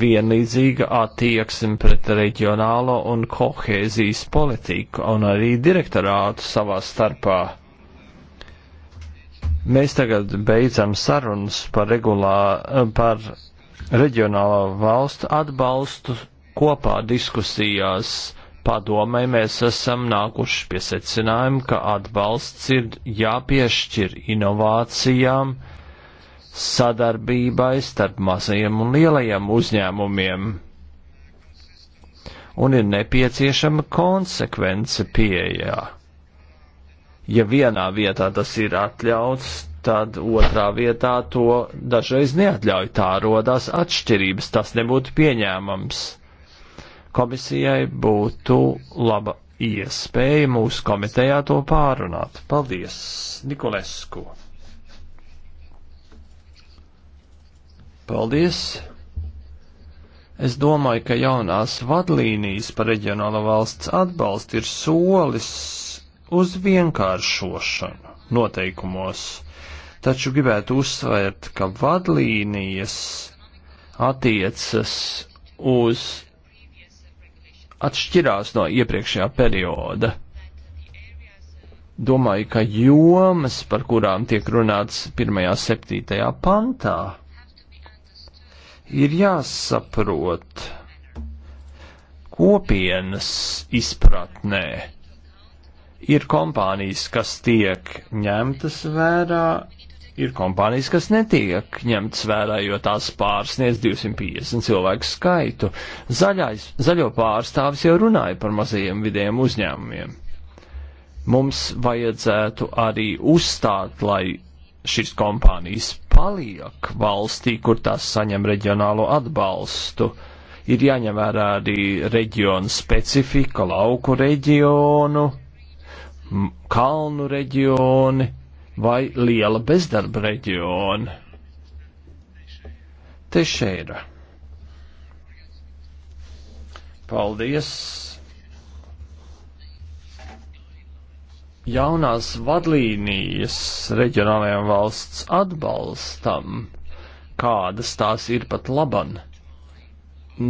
vienlīdzīga attieksme pret reģionālo un kohēzijas politiku un arī direktorātu savā starpā. Mēs tagad beidzam sarunas par, regulā, par reģionālo valstu atbalstu kopā diskusijās. Padomē mēs esam nākuši pie secinājuma, ka atbalsts ir jāpiešķir inovācijām, uh, sadarbībai starp mazajiem un lielajiem uzņēmumiem. Un ir nepieciešama konsekvence pieejā. Ja vienā vietā tas ir atļauts, tad otrā vietā to dažreiz neatļauj. Tā rodās atšķirības, tas nebūtu pieņēmams. Komisijai būtu laba iespēja mūsu komitejā to pārunāt. Paldies, Nikolesku! Paldies! Es domāju, ka jaunās vadlīnijas par reģionālo valsts atbalstu ir solis uz vienkāršošanu noteikumos, taču gribētu uzsvērt, ka vadlīnijas attiecas uz atšķirās no iepriekšējā perioda. Domāju, ka jomas, par kurām tiek runāts 1. un 7. pantā, Ir jāsaprot kopienas izpratnē. Ir kompānijas, kas tiek ņemtas vērā, ir kompānijas, kas netiek ņemtas vērā, jo tās pārsniedz 250 cilvēku skaitu. Zaļais, zaļo pārstāvis jau runāja par mazajiem vidiem uzņēmumiem. Mums vajadzētu arī uzstāt, lai šīs kompānijas paliek valstī, kur tās saņem reģionālo atbalstu. Ir jāņem vērā arī reģionu specifika, lauku reģionu, kalnu reģioni vai liela bezdarba reģioni. Tešēra. Paldies! jaunās vadlīnijas reģionālajām valsts atbalstam, kādas tās ir pat laban,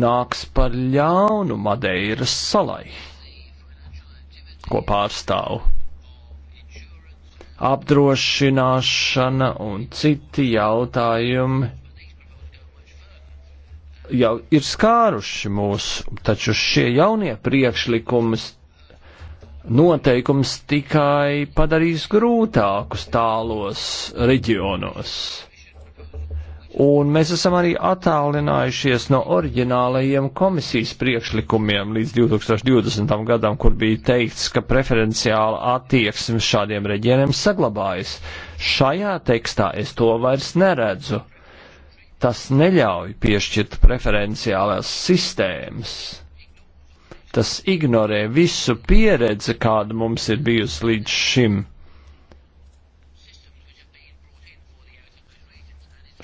nāks par ļaunu Madeiras salai, ko pārstāv apdrošināšana un citi jautājumi jau ir skāruši mūs, taču šie jaunie priekšlikumi noteikums tikai padarīs grūtākus tālos reģionos. Un mēs esam arī attālinājušies no oriģinālajiem komisijas priekšlikumiem līdz 2020. gadam, kur bija teikts, ka preferenciāla attieksme šādiem reģioniem saglabājas. Šajā tekstā es to vairs neredzu. Tas neļauj piešķirt preferenciālās sistēmas tas ignorē visu pieredzi, kāda mums ir bijusi līdz šim.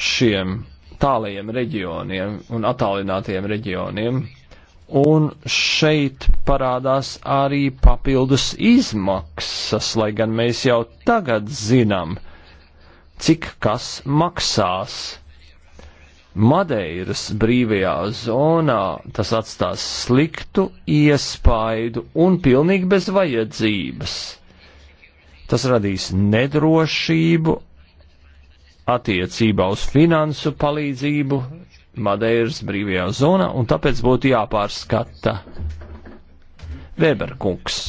Šiem tālajiem reģioniem un attālinātajiem reģioniem. Un šeit parādās arī papildus izmaksas, lai gan mēs jau tagad zinām, cik kas maksās. Madeiras brīvajā zonā tas atstās sliktu iespaidu un pilnīgi bez vajadzības. Tas radīs nedrošību attiecībā uz finansu palīdzību Madeiras brīvajā zonā, un tāpēc būtu jāpārskata Weberkungs.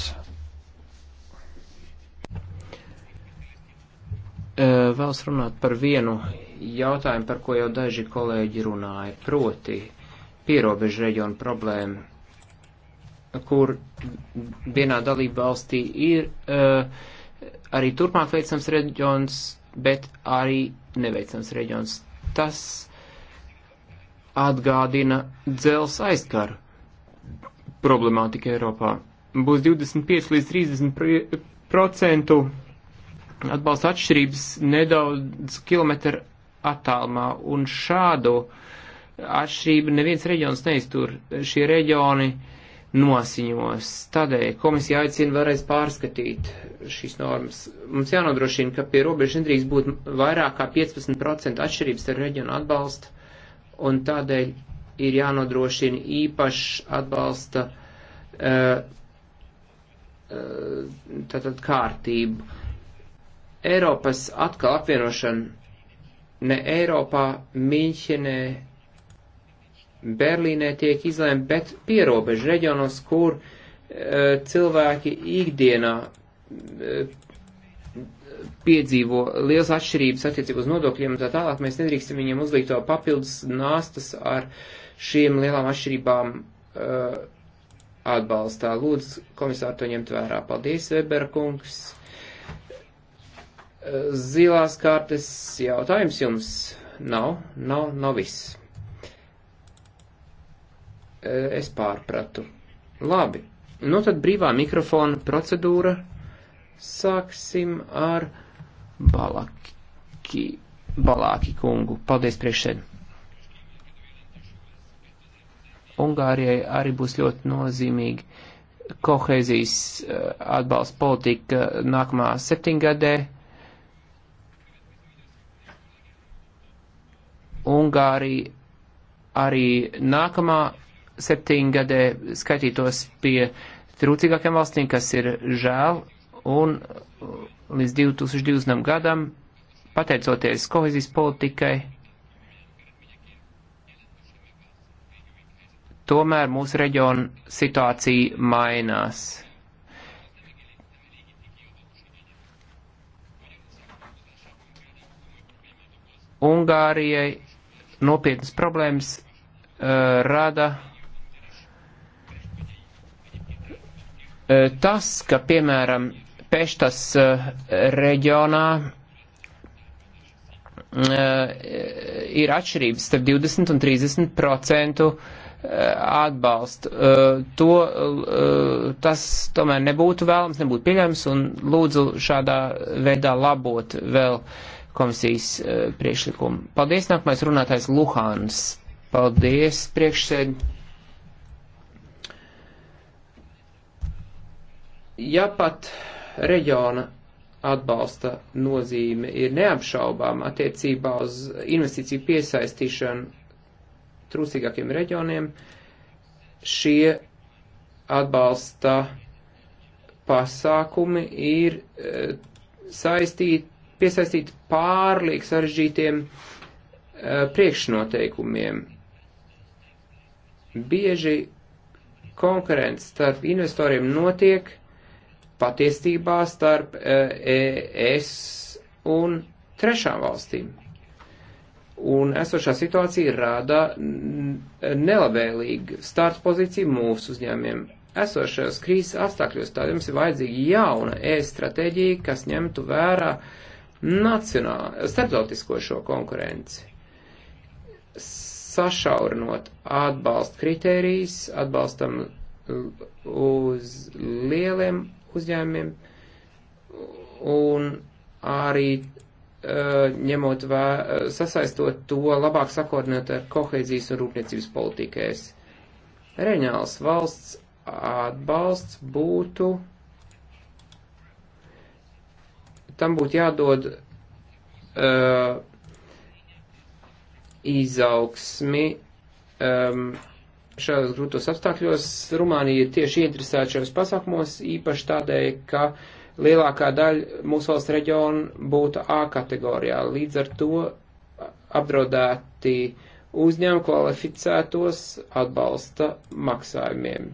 vēlas runāt par vienu jautājumu, par ko jau daži kolēģi runāja, proti pierobežu reģionu problēmu, kur vienā dalība valstī ir uh, arī turpmāk veicams reģions, bet arī neveicams reģions. Tas atgādina dzels aizkaru problemātika Eiropā. Būs 25 līdz 30 procentu atbalsta atšķirības nedaudz kilometru attālumā, un šādu atšķirību neviens reģions neiztur. Šie reģioni nosiņos. Tādēļ komisija aicina vēlreiz pārskatīt šīs normas. Mums jānodrošina, ka pie robežas nedrīkst būt vairāk kā 15% atšķirības ar reģionu atbalstu, un tādēļ ir jānodrošina īpašs atbalsta uh, uh, tātad kārtību Eiropas atkal apvienošana ne Eiropā, Mīņķenē, Berlīnē tiek izlēma, bet pierobežu reģionos, kur uh, cilvēki ikdienā uh, piedzīvo liels atšķirības attiecībā uz nodokļiem un tā tālāk, mēs nedrīkstam viņiem uzlikt to papildus nāstas ar šīm lielām atšķirībām uh, atbalstā. Lūdzu, komisāri to ņemt vērā. Paldies, Weber kungs. Zilās kārtas jautājums jums nav, nav, nav viss. E, es pārpratu. Labi. Nu tad brīvā mikrofona procedūra. Sāksim ar Balaki, Balāki kungu. Paldies priekšsēd. Ungārijai arī būs ļoti nozīmīgi kohēzijas e, atbalsta politika nākamā septiņgadē Ungārija arī nākamā septiņgadē skaitītos pie trūcīgākiem valstīm, kas ir žēl, un uh, līdz 2020. gadam, pateicoties kohezijas politikai, tomēr mūsu reģiona situācija mainās. Ungārijai nopietnas problēmas uh, rada uh, tas, ka, piemēram, Peštas uh, reģionā ir atšķirības starp 20 un 30 procentu atbalstu. To, tas tomēr nebūtu vēlams, nebūtu pieļams un lūdzu šādā veidā labot vēl uh, komisijas e, priekšlikumu. Paldies, nākamais runātājs Luhāns. Paldies, priekšsēd. Ja pat reģiona atbalsta nozīme ir neapšaubām attiecībā uz investīciju piesaistīšanu trūcīgākiem reģioniem, šie atbalsta pasākumi ir e, saistīti piesaistīti pārlīgi sarežģītiem eh, priekšnoteikumiem. Bieži konkurence starp investoriem notiek patiesībā starp ES eh, e un trešām valstīm. Un esošā situācija rada nelabvēlīgu startu pozīciju mūsu uzņēmiem. Esošajos krīzes apstākļos tādiem ir vajadzīga jauna E stratēģija, kas ņemtu vērā uh, nacionālo, starptautisko šo konkurenci, sašaurinot atbalstu kritērijas, atbalstam uh, uz lieliem uzņēmumiem un arī uh, ņemot vē, uh, sasaistot to labāk sakordinot ar kohēzijas un rūpniecības politikēs. Reģionāls valsts atbalsts būtu tam būtu jādod uh, izaugsmi um, šajos grūtos apstākļos. Rumānija ir tieši interesēta šajos pasākumos, īpaši tādēļ, ka lielākā daļa mūsu valsts reģionu būtu A kategorijā. Līdz ar to apdraudēti uzņēmumi kvalificētos atbalsta maksājumiem.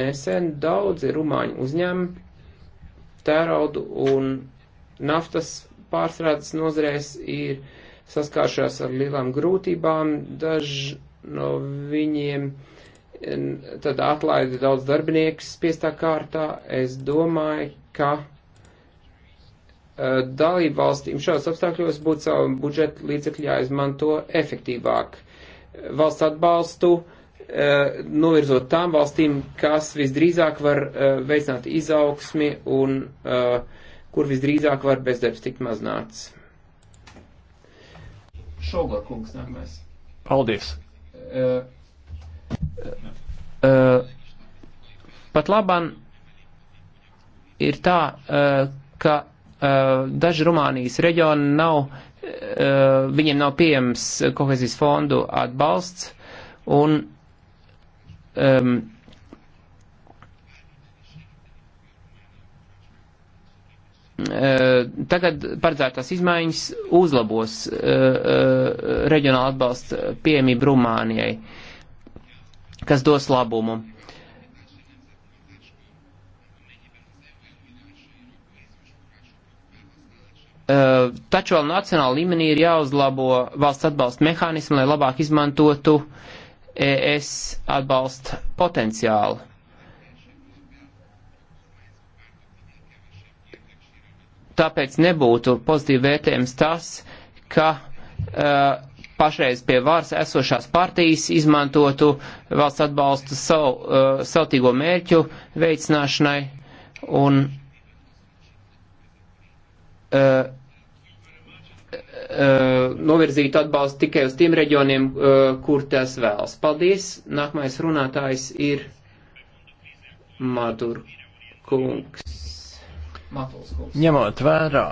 Nesen daudzi rumāņu uzņēmumi tēraudu un naftas pārstrādes nozarēs ir saskāršās ar lielām grūtībām. Daži no viņiem tad atlaida daudz darbinieku spiestā kārtā. Es domāju, ka eh, dalību valstīm šādos apstākļos būtu savu budžetu līdzekļu jāizmanto efektīvāk. Valsts atbalstu uh, Eh, novirzot tām valstīm, kas visdrīzāk var eh, veicināt izaugsmi un eh, kur visdrīzāk var bezdarbs tikt maznāts. Šogor kungs nākamais. Paldies. Uh, uh, pat labam ir tā, uh, ka uh, daži Rumānijas reģioni nav, uh, viņiem nav pieejams kohezijas fondu atbalsts, un Um, uh, Tagad paredzētās izmaiņas uzlabos uh, uh, reģionāla atbalsta piemību Rumānijai, kas dos labumu. Uh, taču vēl nacionāla līmenī ir jāuzlabo valsts atbalsta mehānismi, lai labāk izmantotu uh, ES atbalsta potenciālu. Tāpēc nebūtu pozitīvi vērtējums tas, ka uh, pašreiz pie varas esošās partijas izmantotu valsts atbalstu savu, uh, sautīgo mērķu veicināšanai un uh, Eh, novirzītu atbalstu tikai uz tiem reģioniem, eh, kur tas vēlas. Paldies! Nākamais runātājs ir Madur kungs. Ņemot vērā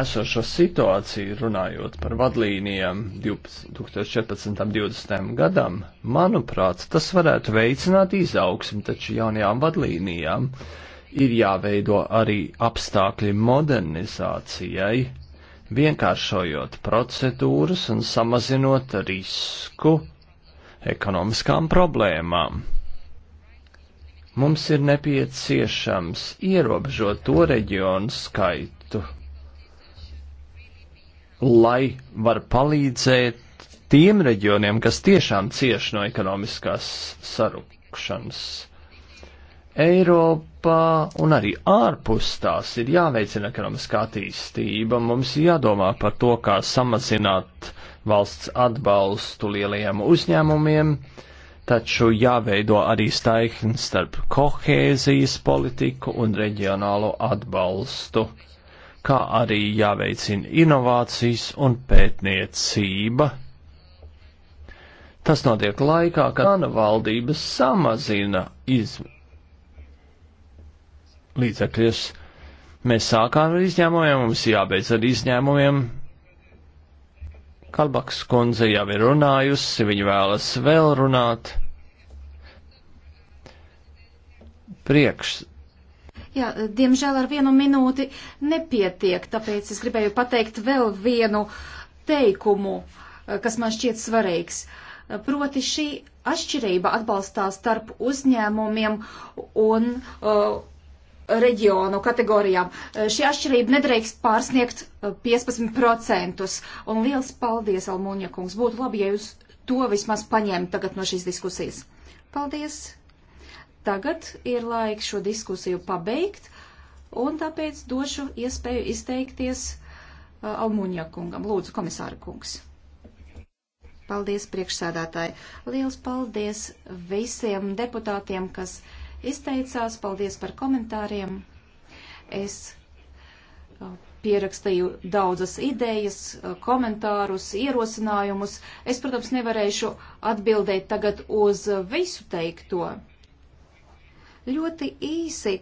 esošo situāciju, runājot par vadlīnijām 2014-2020 gadam, manuprāt, tas varētu veicināt izaugsmi, taču jaunajām vadlīnijām ir jāveido arī apstākļi modernizācijai, vienkāršojot procedūras un samazinot risku ekonomiskām problēmām. Mums ir nepieciešams ierobežot to reģionu skaitu, lai var palīdzēt tiem reģioniem, kas tiešām cieš no ekonomiskās sarukšanas. Eiropā un arī ārpus tās ir jāveicina ekonomiskā attīstība. Mums jādomā par to, kā samazināt valsts atbalstu lielajiem uzņēmumiem, taču jāveido arī staigns starp kohēzijas politiku un reģionālo atbalstu, kā arī jāveicina inovācijas un pētniecība. Tas notiek laikā, kad valdības samazina izmēru līdzekļus. Mēs sākām ar izņēmumiem, mums jābeidz ar izņēmumiem. Kalbaks kundze jau ir runājusi, viņa vēlas vēl runāt. Priekš. Jā, diemžēl ar vienu minūti nepietiek, tāpēc es gribēju pateikt vēl vienu teikumu, kas man šķiet svarīgs. Proti šī atšķirība atbalstā starp uzņēmumiem un uh, reģionu kategorijām. Eh, šī atšķirība nedrīkst pārsniegt 15%. Eh, un liels paldies, Almuņa kungs. Būtu labi, ja jūs to vismaz paņemt tagad no šīs diskusijas. Paldies! Tagad ir laiks šo diskusiju pabeigt, un tāpēc došu iespēju izteikties uh, Almuņa kungam. Lūdzu, komisāra kungs. Paldies, priekšsēdētāji. Liels paldies visiem deputātiem, kas izteicās. Paldies par komentāriem. Es uh, pierakstīju daudzas idejas, uh, komentārus, ierosinājumus. Es, protams, nevarēšu atbildēt tagad uz uh, visu teikto. Ļoti īsi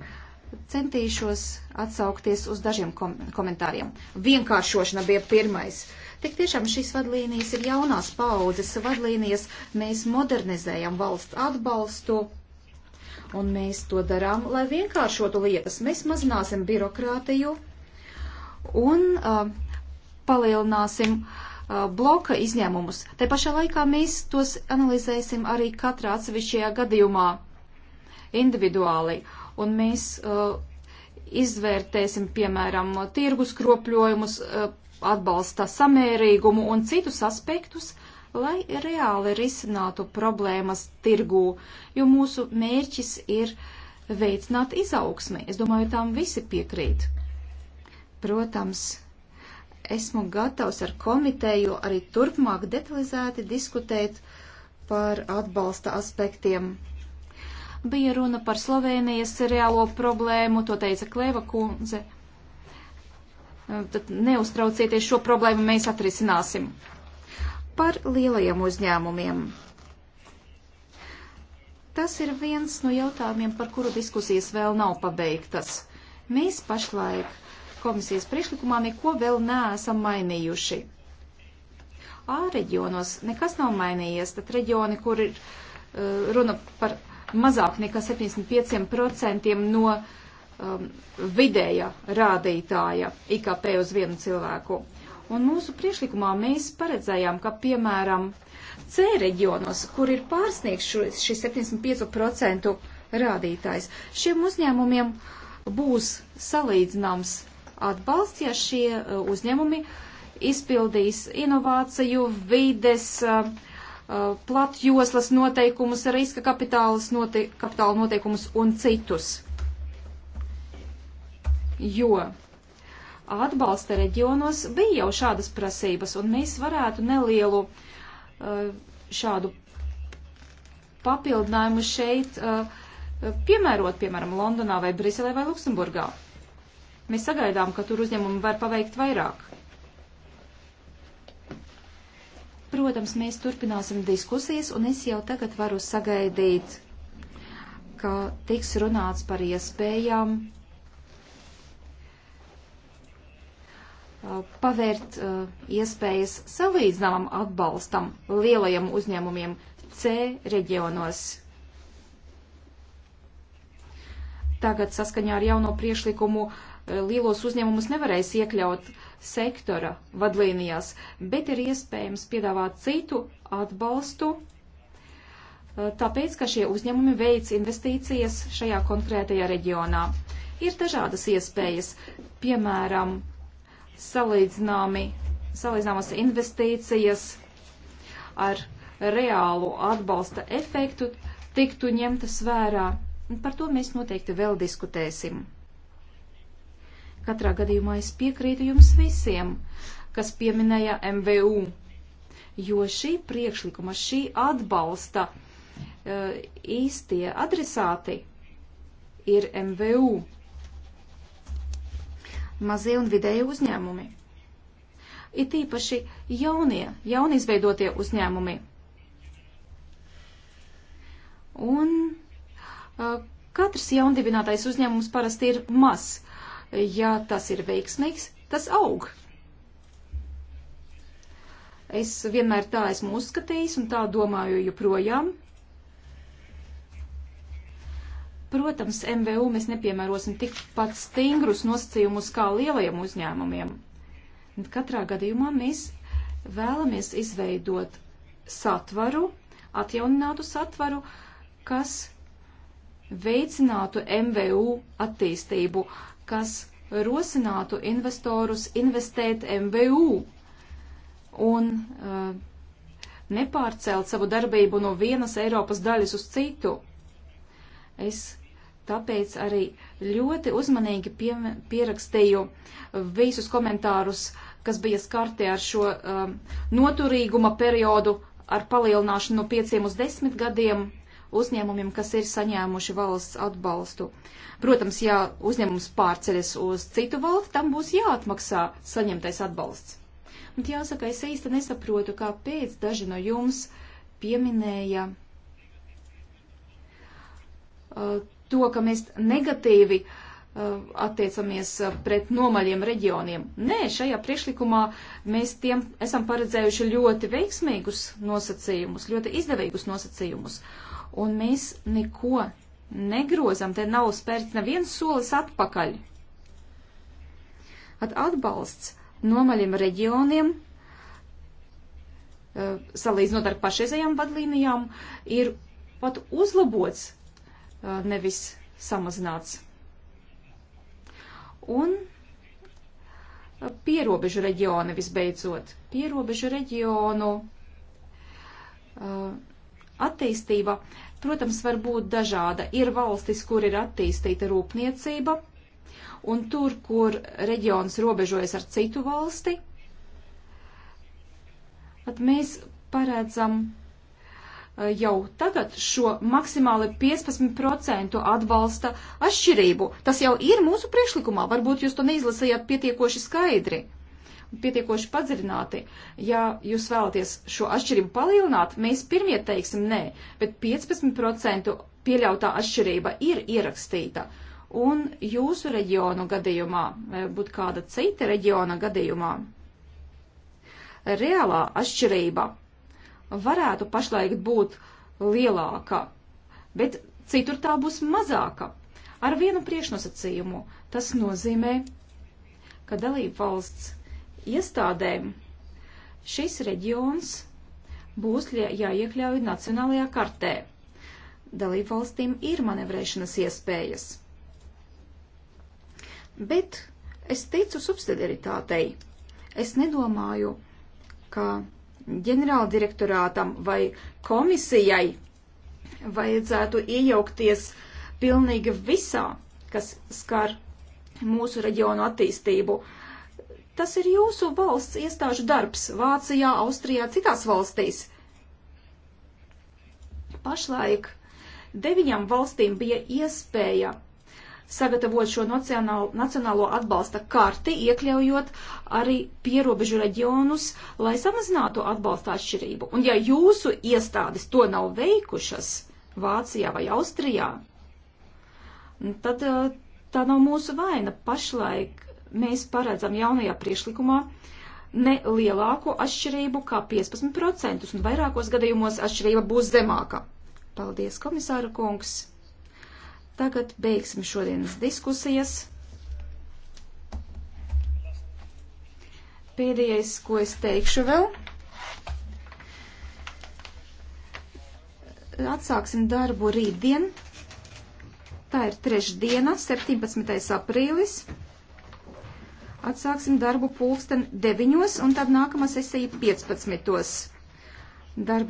centīšos atsaukties uz dažiem kom komentāriem. Vienkāršošana bija pirmais. Tik tiešām šīs vadlīnijas ir jaunās paudzes vadlīnijas. Mēs modernizējam valsts atbalstu Un mēs to darām, lai vienkāršotu lietas. Mēs mazināsim birokrātiju un uh, palielināsim uh, bloka izņēmumus. Te pašā laikā mēs tos analizēsim arī katrā atsevišķajā gadījumā individuāli. Un mēs uh, izvērtēsim, piemēram, tirgus kropļojumus, uh, atbalsta samērīgumu un citus aspektus, uh, lai reāli risinātu problēmas tirgū, jo mūsu mērķis ir veicināt izaugsmi. Es domāju, tam visi piekrīt. Protams, esmu gatavs ar komiteju arī turpmāk detalizēti diskutēt par atbalsta aspektiem. Bija runa par Slovenijas reālo problēmu, to teica Kleva kundze. Tad neuztraucieties, šo problēmu mēs atrisināsim par lielajiem uzņēmumiem. Tas ir viens no jautājumiem, par kuru diskusijas vēl nav pabeigtas. Mēs pašlaik komisijas priekšlikumā neko vēl neesam mainījuši. A reģionos nekas nav mainījies, tad reģioni, kur ir uh, runa par mazāk nekā 75% no um, vidēja rādītāja IKP uz vienu cilvēku. Uh, Un mūsu priešlikumā mēs paredzējām, ka, piemēram, C reģionos, kur ir pārsniegts šis 75% rādītājs, šiem uzņēmumiem būs salīdzināms atbalsts, ja šie uh, uzņēmumi izpildīs inovāciju, vides, uh, uh, platjoslas noteikumus, riska note, kapitāla noteikumus un citus. Jo atbalsta reģionos bija jau šādas prasības, un mēs varētu nelielu uh, šādu papildinājumu šeit uh, piemērot, piemēram, Londonā vai Briselē vai Luksemburgā. Mēs sagaidām, ka tur uzņēmumi var paveikt vairāk. Protams, mēs turpināsim diskusijas, un es jau tagad varu sagaidīt, ka tiks runāts par iespējām Uh, pavērt uh, iespējas salīdzināmam atbalstam lielajiem uzņēmumiem C reģionos. Tagad saskaņā ar jauno priešlikumu uh, lielos uzņēmumus nevarēs iekļaut sektora vadlīnijās, bet ir iespējams piedāvāt citu atbalstu, tāpēc, ka šie uzņēmumi veic investīcijas šajā konkrētajā reģionā. Ir dažādas iespējas, piemēram, salīdzināmi, salīdzināmas investīcijas ar reālu atbalsta efektu tiktu ņemtas vērā. Un par to mēs noteikti vēl diskutēsim. Katrā gadījumā es piekrītu jums visiem, kas pieminēja MVU, jo šī priekšlikuma, šī atbalsta eh, īstie adresāti ir MVU mazie un vidēji uzņēmumi. It īpaši jaunie, jaunizveidotie uzņēmumi. Un uh, katrs jaundibinātais uzņēmums parasti ir mazs. Ja tas ir veiksmīgs, tas aug. Es vienmēr tā esmu uzskatījis un tā domāju joprojām. Protams, MVU mēs nepiemērosim tikpat stingrus nosacījumus kā lielajiem uzņēmumiem. Katrā gadījumā mēs vēlamies izveidot satvaru, atjauninātu satvaru, kas veicinātu MVU attīstību, kas rosinātu investorus investēt MVU un uh, nepārcelt savu darbību no vienas Eiropas daļas uz citu. Es tāpēc arī ļoti uzmanīgi pie, pierakstīju visus komentārus, kas bija skarti ar šo um, noturīguma periodu ar palielināšanu no pieciem uz desmit gadiem uzņēmumiem, kas ir saņēmuši valsts atbalstu. Protams, ja uzņēmums pārceļas uz citu valsti, tam būs jāatmaksā saņemtais atbalsts. Bet jāsaka, es īsti nesaprotu, kāpēc daži no jums pieminēja uh, Uh, to, ka mēs negatīvi uh, attiecamies uh, pret nomaļiem reģioniem. Nē, šajā priekšlikumā mēs tiem esam paredzējuši ļoti veiksmīgus nosacījumus, ļoti izdevīgus nosacījumus. Un mēs neko negrozam, te nav spērts neviens solis atpakaļ. At atbalsts nomaļiem reģioniem salīdzinot ar pašreizējām vadlīnijām, ir pat uzlabots Uh, nevis samazināts. Un uh, pierobežu reģioni visbeidzot. Pierobežu reģionu uh, attīstība, protams, var būt dažāda. Ir valstis, kur ir attīstīta rūpniecība, un tur, kur reģions robežojas ar citu valsti, mēs paredzam Eh, jau tagad šo maksimāli 15% atbalsta atšķirību. Tas jau ir mūsu priekšlikumā, varbūt jūs to neizlasījāt pietiekoši skaidri, pietiekoši padziļināti. Ja jūs vēlaties šo atšķirību palielināt, mēs pirmie teiksim nē, bet 15% pieļautā atšķirība ir ierakstīta. Un jūsu reģionu gadījumā, vai eh, būtu kāda cita reģiona gadījumā, reālā atšķirība varētu pašlaik būt lielāka, bet citur tā būs mazāka. Ar vienu priekšnosacījumu tas nozīmē, ka dalību valsts iestādēm šis reģions būs jāiekļauj nacionālajā kartē. Dalību valstīm ir manevrēšanas iespējas. Bet es ticu subsidiaritātei. Es nedomāju, ka ģenerāldirektorātam vai komisijai vajadzētu iejaukties pilnīgi visā, kas skar mūsu reģionu attīstību. Tas ir jūsu valsts iestāžu darbs Vācijā, Austrijā, citās valstīs. Pašlaik deviņām valstīm bija iespēja sagatavot šo nacionālo, nacionālo atbalsta karti, iekļaujot arī pierobežu reģionus, lai samazinātu atbalsta atšķirību. Un ja jūsu iestādes to nav veikušas Vācijā vai Austrijā, tad eh, tā nav mūsu vaina. Pašlaik mēs paredzam jaunajā priešlikumā ne lielāko atšķirību kā 15%, un vairākos gadījumos atšķirība būs zemāka. Paldies, komisāra kungs! Tagad beigsim šodienas diskusijas. Pēdējais, ko es teikšu vēl. Atsāksim darbu rītdien. Tā ir trešdiena, 17. aprīlis. Atsāksim darbu pulksten 9. un tad nākamā sesija 15. Darba